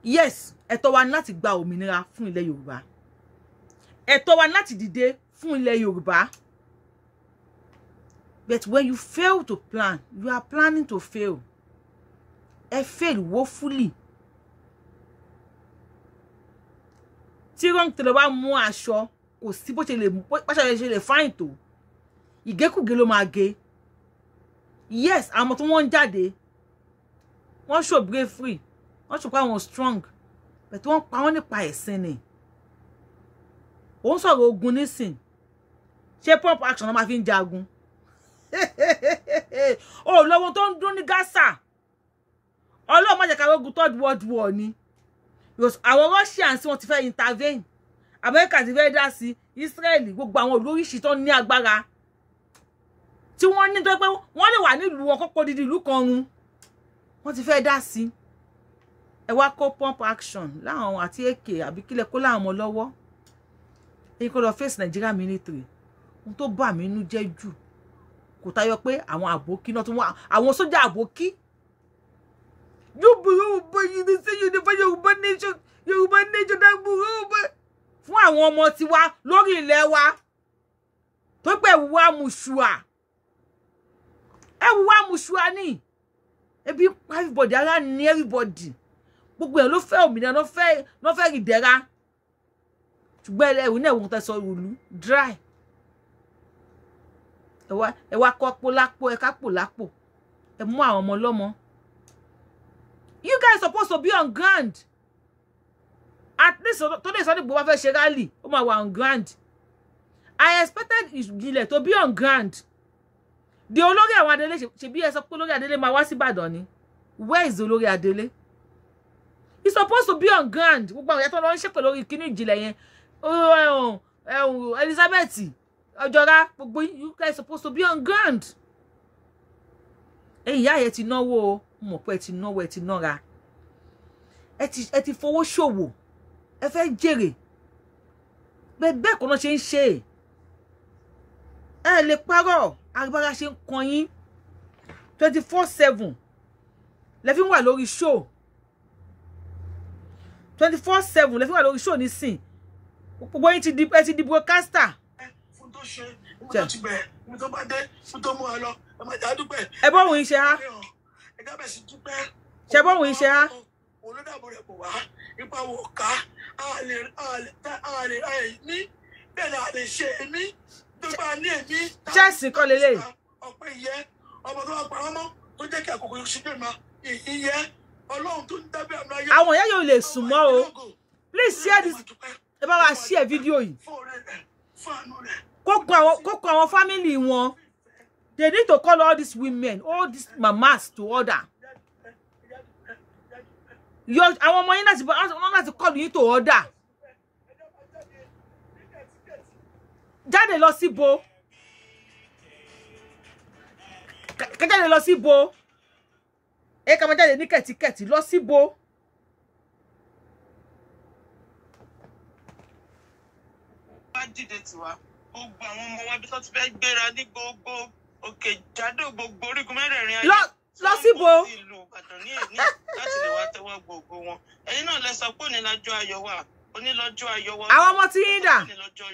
yes ẹ̀tọ́ wa láti gba òmìnira fún ilẹ̀ yorùbá ẹ̀tọ́ wa láti dìde fún ilẹ̀ Yorùbá but when you fail to plan you are planning to fail ẹ fail woefully tí wrong tẹ̀lé bá mú aṣọ kò si bó ṣe lè pàṣẹ le lè fáìn tó ìgékùgé ló máa gé yes àwọn tó wọ́n ń jáde wọ́n show free. wọ́n show pé àwọn strong but wọ́n pa wọ́n nípa ẹ̀sìn ni òun sọ̀rọ̀ ogun nísìn ṣé pump action ló máa fi ń jagun o oh, lọ́wọ́ tó ń dún ní Gaza ọlọ́run má jẹ́ ká rogun third world war ni àwọn Russians tí wọ́n ti fẹ́ intervene Amẹ́ríkà ti fẹ́ dá sí Israel gbogbo àwọn olóríṣi tó ní agbára tí wọ́n ní tó pé wọ́n lè wà nílùú wọn kọ́kọ́ dídí ìlú kan run wọ́n ti fẹ́ dá sí ẹ wá kó pump action láwọn àti èkè àbí kílẹ̀ kó láwọn ọmọ lọ́wọ́ èyí kó lọ face Nigeria military ohun tó bà mí nú jẹ́ jù kò tayọ pé àwọn àbókí náà tún wọn àwọn sójà àbókí yorùbá yorùbá yìí sí yorùbá yorùbá nation yorùbá nation dágbùrú yorùbá fún àwọn ọmọ tiwa lórí ilẹ̀ wa tó pé ẹ̀wù wa mùsùà ẹ̀wù wa mùsùà ni ebi everybody ara ni everybody gbogbo ẹ̀ ló fẹ́ òmìnira ló fẹ́ ìdẹ̀ra ṣùgbọ́n ẹ̀wù náà wọ́n tẹ́ sọ ìrùlú dry ẹ wá kọ́ pò lápò ẹ ká pò lápò ẹ mú àwọn ọmọ ọlọ́mọ you guys supposed to be on ground at least tó lè sọ ní gbogbo bá fẹ́ ṣe rally ó máa wà on ground i expected ìjìnlẹ̀ to be on ground di olórí àwọn adélé ṣebí ẹ sọ pé olórí adélé máa wá sí ìbàdàn ni where is olórí adélé he supposed to be on ground gbogbo àwọn ìyá tó lọ ń ṣépè lórí kíní ìjìnlẹ̀ yẹn oh, um, um, elizabeth ọjọ́ra gbogbo you guys supposed to be on ground ẹ̀yin ìyá yẹn ti náwó o mọ̀ pé ẹ ti náwó ẹ ti nára ẹ ti fowó ṣòwò ẹ fẹ́ jèrè bẹ́ẹ̀ bẹ́ẹ̀ kọ́ náà ṣe ń ṣe ẹ lè parọ́ agbára ṣe ń kan yín twenty four seven lẹ́fí wà lórí show twenty four seven lẹ́fí wà lórí show nísìn gbogbo yín ti di broadcaster ṣe nígbà tó ti bẹ̀ bá dé níbi tó mú ọ lọ ẹ má jà ẹ bọ́ òun iṣẹ́ á. ẹ jábẹ̀ sí dúpẹ́. ṣe bọ́ òun iṣẹ́ á. olódàbò rẹ̀ kò wá ipa wò ká a lè ní bẹ́ẹ̀ ni a lè ṣe èmi tó bá ní èmi. ṣẹ́ẹ̀sì kọ́ lélẹ̀. ọ̀pẹ ìyẹ́ ọmọ tó wà pa ọmọ tó jẹ́ kí àkókò yóò ṣe ma ìyẹ́ ọlọ́run tó ń dábẹ́ àmì àwọn ìyá yóò lè sùn mọ́ o please share this ẹ bá wa video kó kó àwọn family wọn they need to call all these women all these mamas to order your àwọn ọmọ yín láti wọn láti call yín to order jáde lọ síbo jáde lọ síbo ẹ ká máa jáde ní kẹtíkẹtì lọ síbo. wá dìde tiwa gbogbo àwọn ọmọ wa bí tó ti fẹ́ gbéra ní gbogbo òkè jádò gbogbo orígun mẹ́rẹ̀ẹ̀rin ayé lọ síbo ìlú Ìbàdàn ní èní láti lè wá tẹ́wọ́ gbogbo wọn ẹ̀yin náà lẹ sọ pé òní lọ́jọ́ ayọ̀ wa òní lọ́jọ́ ayọ̀ wa àwọn ọmọ tí yín dà lọ́jọ́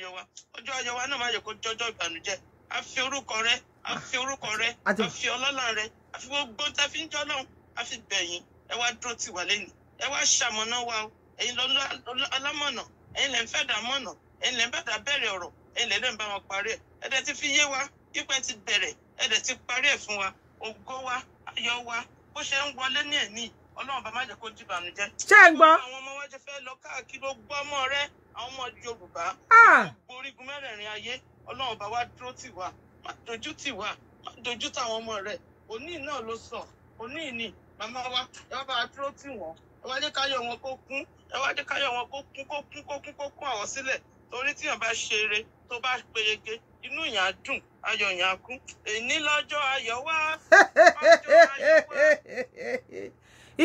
ayọ̀ wa náà má yẹ kó jọjọ́ ìbànújẹ́ a orúkọ rẹ a orúkọ rẹ a ọlọ́lá rẹ a gbogbo tá ń jọ́ náà a bẹ̀yìn ẹ wá dúró tì wá lẹ́nu ẹ wá ṣàmọ̀nà wa ẹ̀yin lọ́lọ́ alámọ̀nà ẹ̀yin lẹ́ ẹlẹ́ náà bá wọn parí ẹ̀ ẹ̀dẹ̀ ti fi yé wa pípẹ́ ti bẹ̀rẹ̀ ẹ̀dẹ̀ ti parí ẹ̀ fún wa ògo wa ayọ̀ wa bó ṣe ń wọlé ní ẹ̀ní ọlọ́run bá má jẹ́ kó dìbànú jẹ́. ṣé ń gbọ́. àwọn ọmọ wa jẹ fẹ́ lọ káàkiri ó ọmọ rẹ àwọn ọmọ yorùbá. gbogbo ah! orígun ayé ọlọ́run bá wa dúró tì wá má dojú tì wá má dojú táwọn ọmọ rẹ òní náà ló sọ òní ni màmá wa ẹ wá bá a dúró tì wọ́n ẹ wá jẹ́ káyọ̀ wọn kó kún ẹ wá jẹ́ káyọ̀ wọn kó kún kó kún kó kún kó kún àwọn sílẹ̀ torí tíyàn bá ṣeré tó bá péyege inú yàn á dùn ayọ̀ yàn á kún èní lọ́jọ́ ayọ̀ wá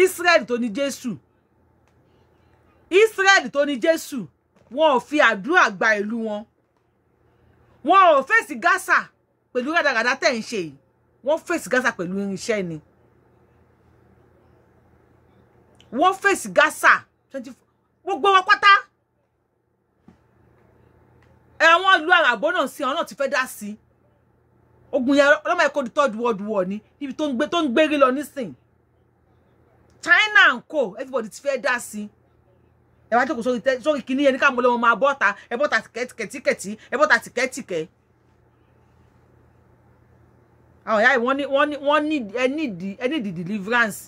Israel tó ní Jésù Israel tó ní Jésù wọn ò fi àdúrà gba ìlú wọn wọn ò fèsì Gaza pẹ̀lú ràdàràdà tẹ̀ ń ṣe yìí wọ́n fèsì Gaza pẹ̀lú irinṣẹ́ ni wọ́n fèsì Gaza gbogbo wa pátá ẹ̀wọ̀n ìlú àràbó náà sí ọ̀nà ti fẹ́ dá sí i ogun yẹn ọlọ́mọ ẹ̀kọ́ di third world war ni ibi tó ń gbé tó ń gbérí lọ nísìn China and co everybody ti fẹ́ dá sí i ẹ wá jókòó sórí kínní yẹn ní káàmù lọ́wọ́ máa bọ́ta ẹ bọ́ta tìkẹ́tìkẹ́tì ẹ bọ́ta tìkẹ́tìkẹ́ àwọn ìyá yìí wọ́n ní wọ́n ní wọ́n ní ẹ nídi ẹ nídi deliverance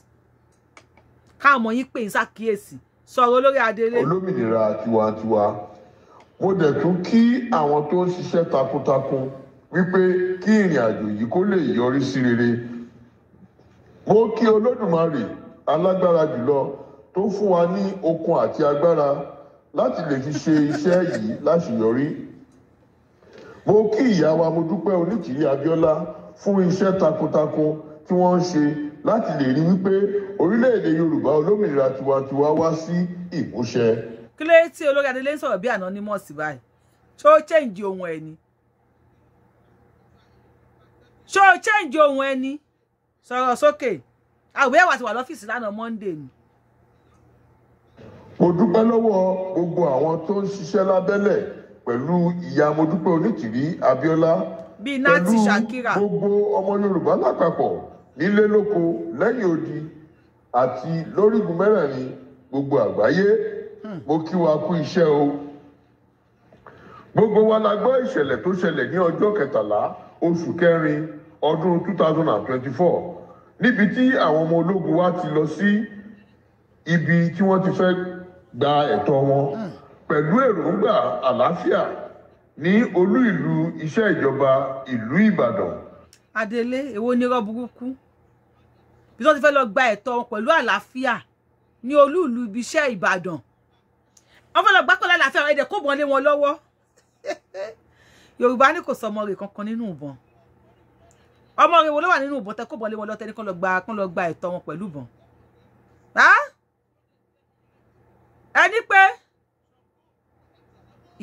káàmù yín pè ń ṣàkíyèsí sọ̀rọ̀ olórí adélé. olómìnira tiwantiwa mo dẹ̀ tún kí àwọn tó ń ṣiṣẹ́ takuntakun wípé kí ìrìn àjò yìí kó lè yọrí sí rere mo kí olódùmarè alágbára jùlọ tó fún wa ní okun àti agbára láti lè fi ṣe iṣẹ́ yìí láṣeyọrí mo kí ìyá wa mo dúpẹ́ onítìrí abíọ́lá fún iṣẹ́ takuntakun tí wọ́n ń ṣe láti lè rí wípé orílẹ̀-èdè yorùbá olómìnira tiwantiwa wá sí ìmúṣẹ kí ló tí olórí adélé ń sọ̀rọ̀ bí anonymous báyìí ṣé ó change ohun ẹni ṣé ó change ohun ẹni sọ̀rọ̀ sókè àwẹ̀ ẹ̀wà ti wà lọ́fíìsì lánàá Monday ni. mo dúpẹ́ lọ́wọ́ gbogbo àwọn tó ń ṣiṣẹ́ lábẹ́lẹ̀ pẹ̀lú ìyá mo dúpẹ́ onítìrí abiola. pẹ̀lú gbogbo ọmọ Yorùbá lápapọ̀ nílé lóko lẹ́yìn odi àti lórígun mẹ́rẹ̀ẹ̀rin gbogbo àgbáyé Hmm. mo kí wa kú iṣẹ́ o gbogbo wa la gbọ́ ìṣẹ̀lẹ̀ tó ṣẹlẹ̀ ní ọjọ́ kẹtàlá oṣù kẹrin ọdún two thousand and twenty-four níbi tí àwọn ọmọ ológun wa ti lọ sí ibi tí wọ́n ti fẹ́ gba ẹ̀tọ́ wọn hmm. pẹ̀lú èròǹgbà àlàáfíà ní olú ìlú iṣẹ́ ìjọba ìlú Ìbàdàn. Adélé èwo ni irọ́ burúkú bí wọ́n ti fẹ́ lọ gba ẹ̀tọ́ wọn pẹ̀lú àlàáfíà ní olú ìlú ibi iṣẹ́ Ìbàdàn wọ́n fẹ́ lọ gbákọ́ lálàáfíà ẹ̀dẹ̀ kó bọ́n lé wọn lọ́wọ́ yorùbá ní kò sọ ọmọ rẹ̀ kankan nínú ìbọn ọmọ rẹ̀ wo ló wà nínú ìbọn tẹ kó bọ́n lé wọn lọ́tẹ́ ní kán lọ gba kán lọ gba ẹ̀tọ́ wọn pẹ̀lú ìbọn ẹni pé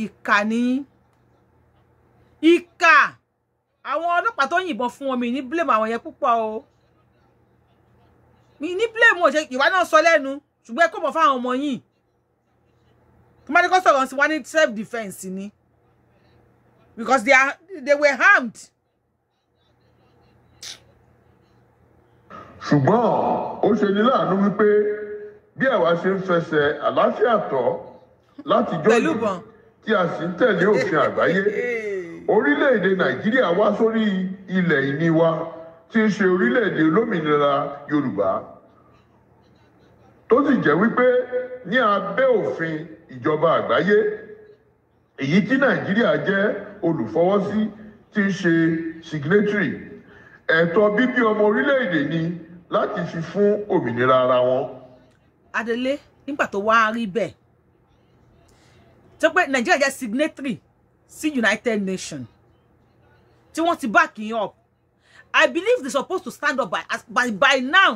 ìkà ni ìkà àwọn ọlọ́pàá tó yìnbọn fún wọn mi ní blame àwọn yẹn púpọ̀ o mi ní blame ò ṣe ìwà náà sọ lẹ́nu ṣùgbọ́n ẹ kó mọ̀ fáwọn ọmọ yìí tó máa ní kó sọ̀rọ̀ self defence ni because they, are, they were harmed. ṣùgbọ́n oshenila ṣe ní láàánú wípé bí àwa ṣe ń fẹsẹ̀ àlàáfíà tọ̀ láti jọ́ọ̀dún tí a sì ń tẹ̀lé òfin àgbáyé orílẹ̀-èdè nàìjíríà wá sórí ilẹ̀ ìní wa tí ń ṣe orílẹ̀-èdè olómìnira yorùbá tó sì ìjọba àgbáyé èyí tí nàìjíríà jẹ́ olùfọwọ́sí tí ń ṣe signatory ẹ̀tọ́ bíbí ọmọ orílẹ̀-èdè ni láti fi fún òmìnira ara wọn. adelé nígbà tó wá rí bẹ́ẹ̀ tó pé nàìjíríà jẹ́ signatory sí united nations tí wọ́n ti backing up i believe they supposed to stand up by, by, by now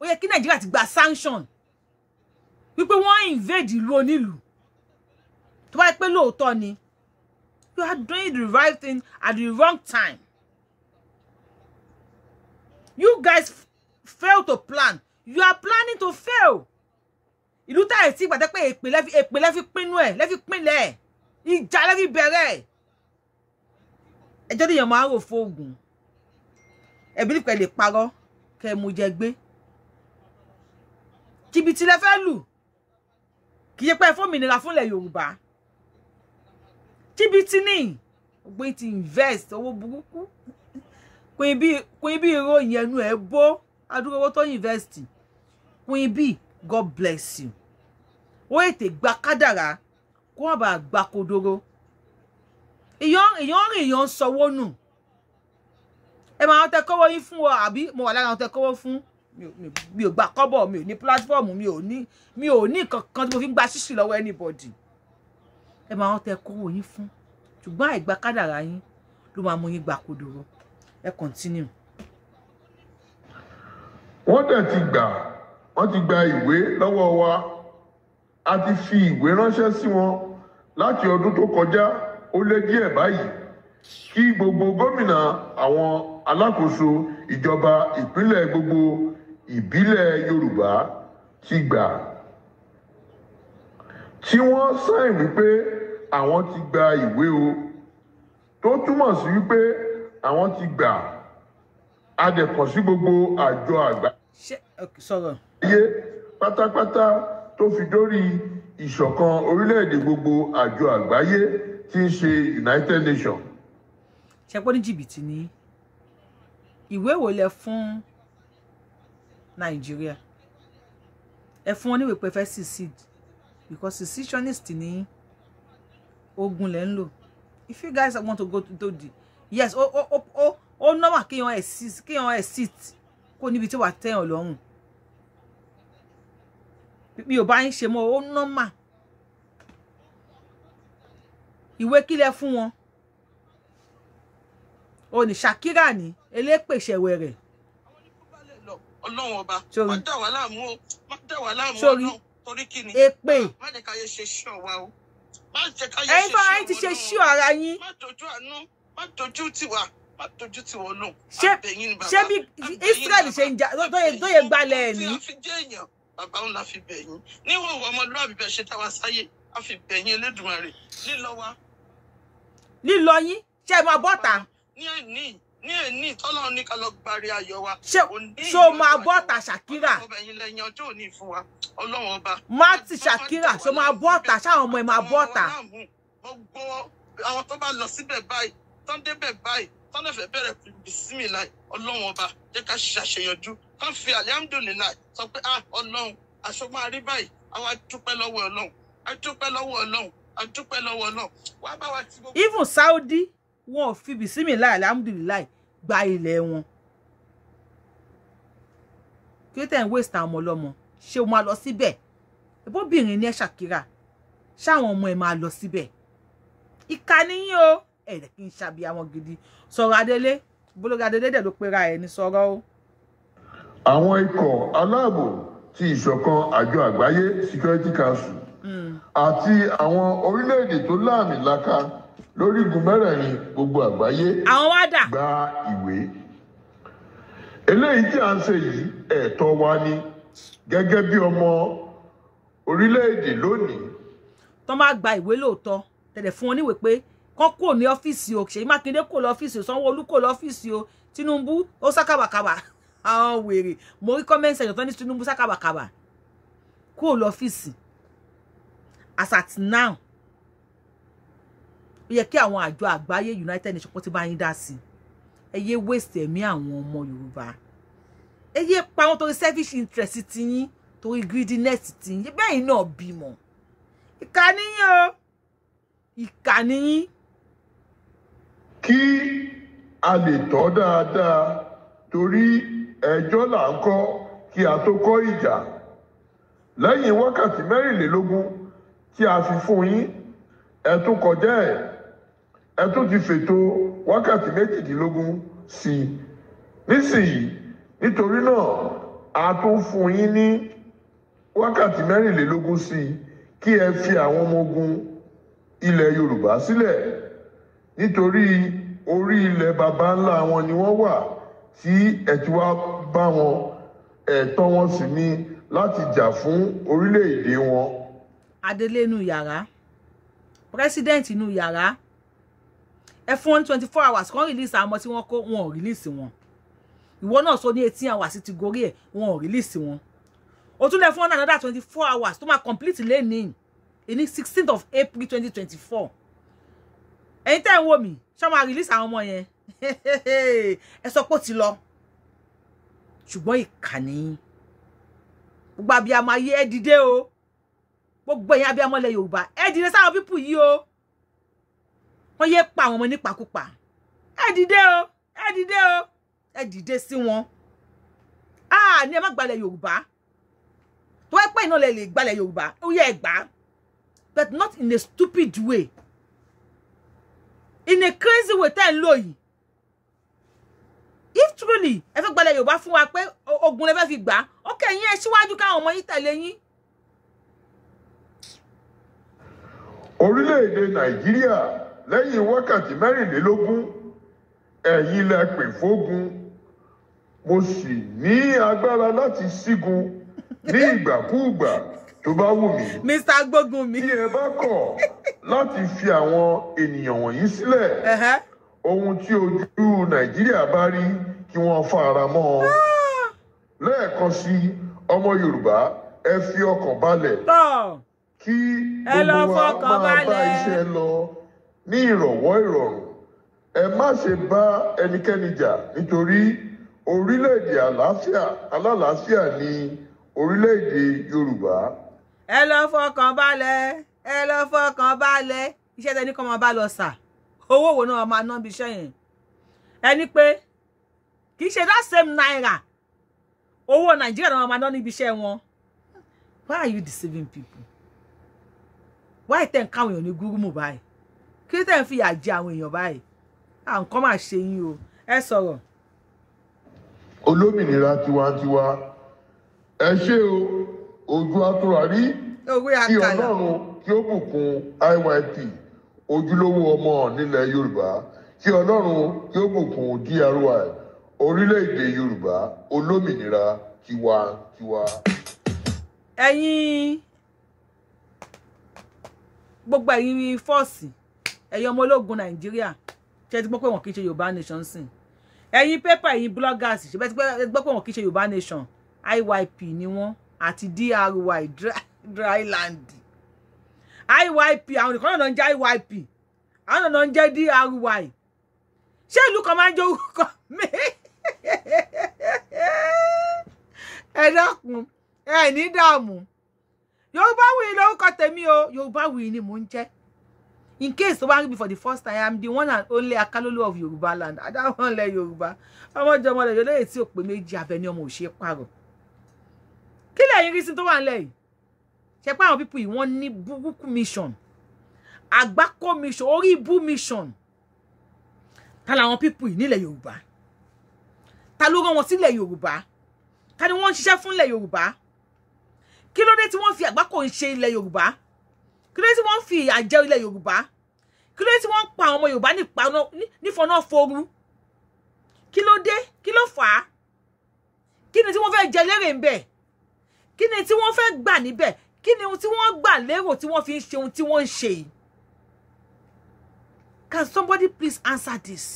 ó yẹ kí nàìjíríà ti gba sanction wípé wọ́n invade ìlú onílù tó bá yẹ pé lóòótọ́ ni you are doing the right thing at the wrong time you guys fail to plan you are planning to fail ìlú tá ẹ̀ sí ìgbà tẹ́ pé èpè lẹ́fi pinnu ẹ̀ lẹ́fi pinlẹ̀ ìjà lẹ́fi bẹ̀rẹ̀ ẹjọ́ níyàn máa ń rò fóògùn ẹ̀bí nípa ẹ̀ lè parọ́ kẹ́ ẹ mú jẹ gbé jìbìtì lẹ fẹ́ lù kì í ṣe pé ẹ fómìnira fúnlẹ̀ yorùbá jìbìtì ní gbé ti invest owó burúkú queen bí ìròyìn ẹnu ẹ bó adúrò owó tó invest queen bí god bless you ó ètè gba kádàrá kó wọn bá gba kodoro èèyàn rìn èèyàn sanwó nù ẹ máa tẹ kọ́wọ́ yín fún ọ àbí mo wà lára àwọn tẹ kọ́wọ́ fún mi ò gba kọ́bọ̀ mi ò ní pílátífọ́ọ̀mù mi ò ní mi ò ní kankan tí mo fi ń gba ṣíṣì lọ́wọ́ anybody ẹ máa tẹ kówó yín fún ṣùgbọ́n àìgbà kádàrá yín ló máa mú yín gba kodoro ẹ continue. wọ́n dẹ̀ ti gbà wọ́n ti gba ìwé lọ́wọ́ wa a ti fi ìwé ránṣẹ́ sí wọn láti ọdún tó kọjá ó lé díẹ̀ báyìí kí gbogbo gómìnà àwọn alákòóso ìjọba ìpínlẹ̀ gbogbo ìbílẹ̀ Yorùbá ti gbà tí wọ́n sáìn wípé àwọn ti gba ìwé o tó túmọ̀ sí wípé àwọn ti gbà á sí gbogbo àjọ àgbà. ayé pátápátá tó fi dórí ìṣọ̀kan orílẹ̀-èdè gbogbo àjọ àgbáyé tí ń ṣe United Nations. ṣe pé ní jìbìtì ni ìwé wo lẹ fún Nigeria. ẹ fún wọn níwèé pé fẹ́ secede because secessionist ní ogun lẹ́ ń lò if you guys want to go to, to the yes ó ó ó ó normal kéèyàn exit kéèyàn exit kó níbi tí wà á tẹ̀yàn lọ́rùn mi ò bá yín ṣe mọ́ ó normal ìwé kílẹ̀ fún wọn òní Shakira ní elépèsèwẹ̀rẹ̀ ọlọ́run ọba má dà wá láàmú o má dà wá láàmú ọlọ́run torí kí ni èpè ah, má jẹ́ ká yẹ ṣe ṣí ọ̀wá o má jẹ́ ká yẹ ṣe ṣí ọ̀wá o ẹ̀yin fọlá yín ti ṣe ṣí ọ̀ra yín má tọ́jú àánú má tọ́jú tiwa má tọ́jú tiwa ọlọ́run àbẹ̀yìn ni bàbá ṣé bí Israel ṣe ń jà tó yẹ gbalẹ̀ ẹ̀ ní. bàbá òun la fi bẹ̀yìn níwọ̀n ọmọlúwàbí bẹ̀ ṣe táwa sáyé a fi bẹ̀yìn Elédùmarè lílọ wa. lílọ yín ṣe é máa bọ́ta. ní ẹ̀ ní èní tọ́lọ́ ní ká lọ gbárí ayọ̀ wa. ṣó máa bọ́ ta ṣàkírà. ọlọ́run ẹ̀yin lẹ́yìn ọjọ́ òní fún wa ọlọ́run ọba. má ti ṣàkírà ṣó máa bọ́ ta ṣáwọn ọmọ ẹ̀ máa bọ́ ta. gbogbo àwọn tó bá lọ síbẹ̀ báyìí tó débẹ̀ báyìí tó ń fẹ́ bẹ̀rẹ̀ bísímìlà ọlọ́run ọba jẹ́ ká ṣàṣeyọjú ká fi alihamudulilayi sọ pé ah ọlọ́run even Saudi wọn ò fi bìsímì láì alhamdulilayi gba ilẹ̀ wọn kí tẹ̀ ń waste àwọn ọmọ ọlọ́mọ ṣé o máa lọ síbẹ̀ ìbóbìnrin ni ẹ ṣàkíra ṣáwọn ọmọ ẹ máa lọ síbẹ̀ ìka níyìn o ẹ̀rẹ̀ kí n ṣàbí àwọn gidi sọ̀rọ̀ adélé bólórí adélé dẹ̀ ló pera ẹ̀ ní sọ̀rọ̀ o. àwọn ikọ̀ aláàbò ti ìṣọ̀kan àjọ àgbáyé security council hmm. àti àwọn orílẹ̀-èdè tó láàmì laka. Mm lórígun mẹ́rẹ̀ẹ̀rin gbogbo àgbáyé àwọn wá dà gba ìwé eléyìí tí à ń ṣe yìí ẹ̀tọ́ wa ni gẹ́gẹ́ bí ọmọ orílẹ̀-èdè lónìí. tó máa gba ìwé lóòótọ́ tẹ̀lé fún wọn níwèé pé kán kúrò ní ọ́fíìsì o Ṣèyí Mákindé kúrò lọ́fíìsì o Sanwó-Olú kúrò lọ́fíìsì o Tinubu ó sákàbàkàbà àwọn wèrè mo rí kọ́mẹ́ǹsì ẹ̀yọ̀ tán ní Tinubu sákàbàkàbà kúrò lọ́fíìsì as at now ó yẹ kí àwọn àjọ àgbáyé United Nations kó ti bá yín dá sí ẹ yé waste ẹ̀mí àwọn ọmọ Yorùbá ẹ yé pa wọn torí selfish interest ti yín torí greediness ti yín bẹ́ẹ̀ yín náà bímọ ìkà nìyín o ìkà nìyín. kí a lè tọ́ dáadáa torí ẹjọ́ là ń kọ́ kí a tó kọ́ ìjà lẹ́yìn wákàtí mẹ́rìnlélógún tí a fi fún yín ẹ tún kọjá ẹ̀ ẹ tún ti fètò wákàtí méjìdínlógún sí i nísìnyí nítorí náà a tún fún yín ní wákàtí mẹ́rìnlélógún sí i kí ẹ fi àwọn ọmọ ogun ilẹ̀ Yorùbá sílẹ̀ nítorí orí ilẹ̀ baba ńlá wọn ni wọ́n wà tí ẹ ti wá bá wọn ẹ̀tọ́ wọn sì ni láti jà fún orílẹ̀-èdè wọn. adelé inú yàrá president inú yàrá ẹ fún wọn ní twenty four hours kan release àwọn ọmọ tí wọ́n kó wọn ò release wọn ìwọ náà sọ ní eighteen hours ti gorí ẹ̀ wọn ò release wọn o tún lè fún wọn another twenty four hours tó máa complete lẹ́nìí ìní sixteenth of April twenty twenty four ẹ̀yin tẹ́ ń wò mí ṣé wọ́n máa release àwọn ọmọ yẹn ẹ sọ pé ó ti lọ ṣùgbọ́n ìkànnì gbogbo abiyamọ ayé ẹ dìde o gbogbo ẹ̀yin abiyamọ ilẹ̀ Yorùbá ẹ dìde sáwọn pípù yìí o wọ́n yé pa àwọn ọmọ nípakúpa ẹ dìde o ẹ dìde o ẹ dìde sí wọn a ní ẹ má gbalẹ̀ yorùbá tó wáá pẹ́ iná lẹ lè gbalẹ̀ yorùbá ó yẹ ẹ gbà but not in a stupid way in a crazy way tẹ́ ń lò yìí if truly ẹ fẹ́ gbalẹ̀ yorùbá fún wa pé ogun lẹ fẹ́ fi gbà ó kẹ́yìn ẹ síwájú káwọn ọmọ yìí tẹ̀lé yín. orílẹ̀-èdè nàìjíríà lẹ́yìn wákàtí mẹ́rìnlélógún ẹ̀yin lẹ pè fógun mo sì ní agbára láti sígun ní ìgbàkúùgbà tó bá wù mí. mr gbógun mi. bí ẹ bá kọ̀ láti fi àwọn ènìyàn wọ̀nyí sílẹ̀ ohun tí ojú nàìjíríà bá rí kí wọ́n fara mọ́ ọ. Ah! lẹ́ẹ̀kan sí ọmọ yorùbá ẹ fi ọkàn balẹ̀ kí gbogbo wa máa bá iṣẹ́ lọ ní ìrọ̀wọ́ ìrọ̀rùn ẹ má ṣe bá ẹnikẹ́ni jà nítorí orílẹ̀-èdè àlàáfíà alálàáfíà ni orílẹ̀-èdè Yorùbá. ẹ lọ fọkàn balẹ̀ ẹ lọ fọkàn balẹ̀ iṣẹ́ tẹ ní kọ́ máa bá lọ sà owó wo náà máa ná bí iṣẹ́ yẹn ẹni pé kì í ṣe that same naira owó Nàìjíríà náà máa ná níbi iṣẹ́ wọn why are you deceiving people why ten káwọn èèyàn ní Google mobile? kí ló tẹ̀ ń fìyà jẹ àwọn èèyàn báyìí à ń kọ́ máa ṣe yín o ẹ sọ̀rọ̀. olómìnira tiwantiwa ẹ ṣe o ojú àtúrà rí kí ọlọ́run kí ó bùkún IYP ojúlówó ọmọ nílẹ̀ yorùbá kí ọlọ́run kí ó bùkún DRY orílẹ̀-èdè yorùbá olómìnira tiwantiwa. ẹ̀yin gbogbo ẹ̀yin fọ́ọ̀sì ẹ̀yin ọmọ ológun nàìjíríà ṣe ti gbọ́ pé wọn kì í ṣe yorùbá nation sìn ẹ̀yin pépà ẹ̀yin bloggers ṣe bẹ́ẹ̀ ti gbọ́ pé wọn kì í ṣe yorùbá nation iyp ni wọ́n àti dry dryland iyp àwọn nìkan náà ń jẹ́ iyp àwọn náà ń jẹ́ dry ṣé ìlú kan máa ń jẹ́ orúkọ mi ẹ dákun ẹ ní dààmú yorùbá wuyì lórúkọ tèmi o yorùbá wuyì ni mò ń jẹ́ in case tó bá rí for the first time I'm the one and only akalolo of Yoruba land adáwọlẹ yorùbá ọmọjọmọ lẹ yọlẹ tí òpè méjì abẹni ọmọ òṣè pààrọ̀ kí lẹ̀yin rí sí tó wà nílẹ̀ yìí ṣe pé àwọn pípù yìí wọ́n ní burúkú mission àgbákò mission orí ibú mission ta làwọn pípù yìí nílẹ̀ yorùbá ta ló rán wọn sílẹ̀ yorùbá ta ni wọ́n ń ṣiṣẹ́ fún ilẹ̀ yorùbá kí ló dé tí wọ́n fi àgbákò ń ṣe ilẹ̀ yorùbá kí ló tí wọ́n fi ìyà jẹ ilẹ̀ yorùbá kí ló tí wọ́n pa ọmọ yorùbá nífọ̀nà fooru kí ló dé kí ló fà á kí ni tí wọ́n fẹ́ jẹ lérè ń bẹ̀ kí ni tí wọ́n fẹ́ gbà níbẹ̀ kí ni tí wọ́n gbà lérò tí wọ́n fi ń ṣe ohun tí wọ́n ń ṣe yìí can somebody please answer this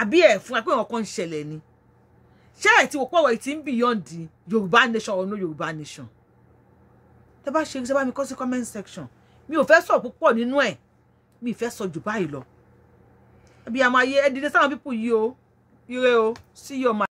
àbí ẹ̀ fún wa pé nǹkan kan ń ṣẹlẹ̀ ni ṣé ẹ̀ ti wò pọ̀ wọ̀ ẹ̀ ti ń beyond Yorùbá nation or no Yorùbá nation tẹ́ bá ṣe ṣe bá mi kọ sí comment section mi ò fẹ́ sọ púpọ̀ nínú ẹ̀ mi ì fẹ́ sọ jù báyìí lọ àbí àmọ́ ayé ẹ dìde sáwọn pípù yìí o ire o sí yọ máa.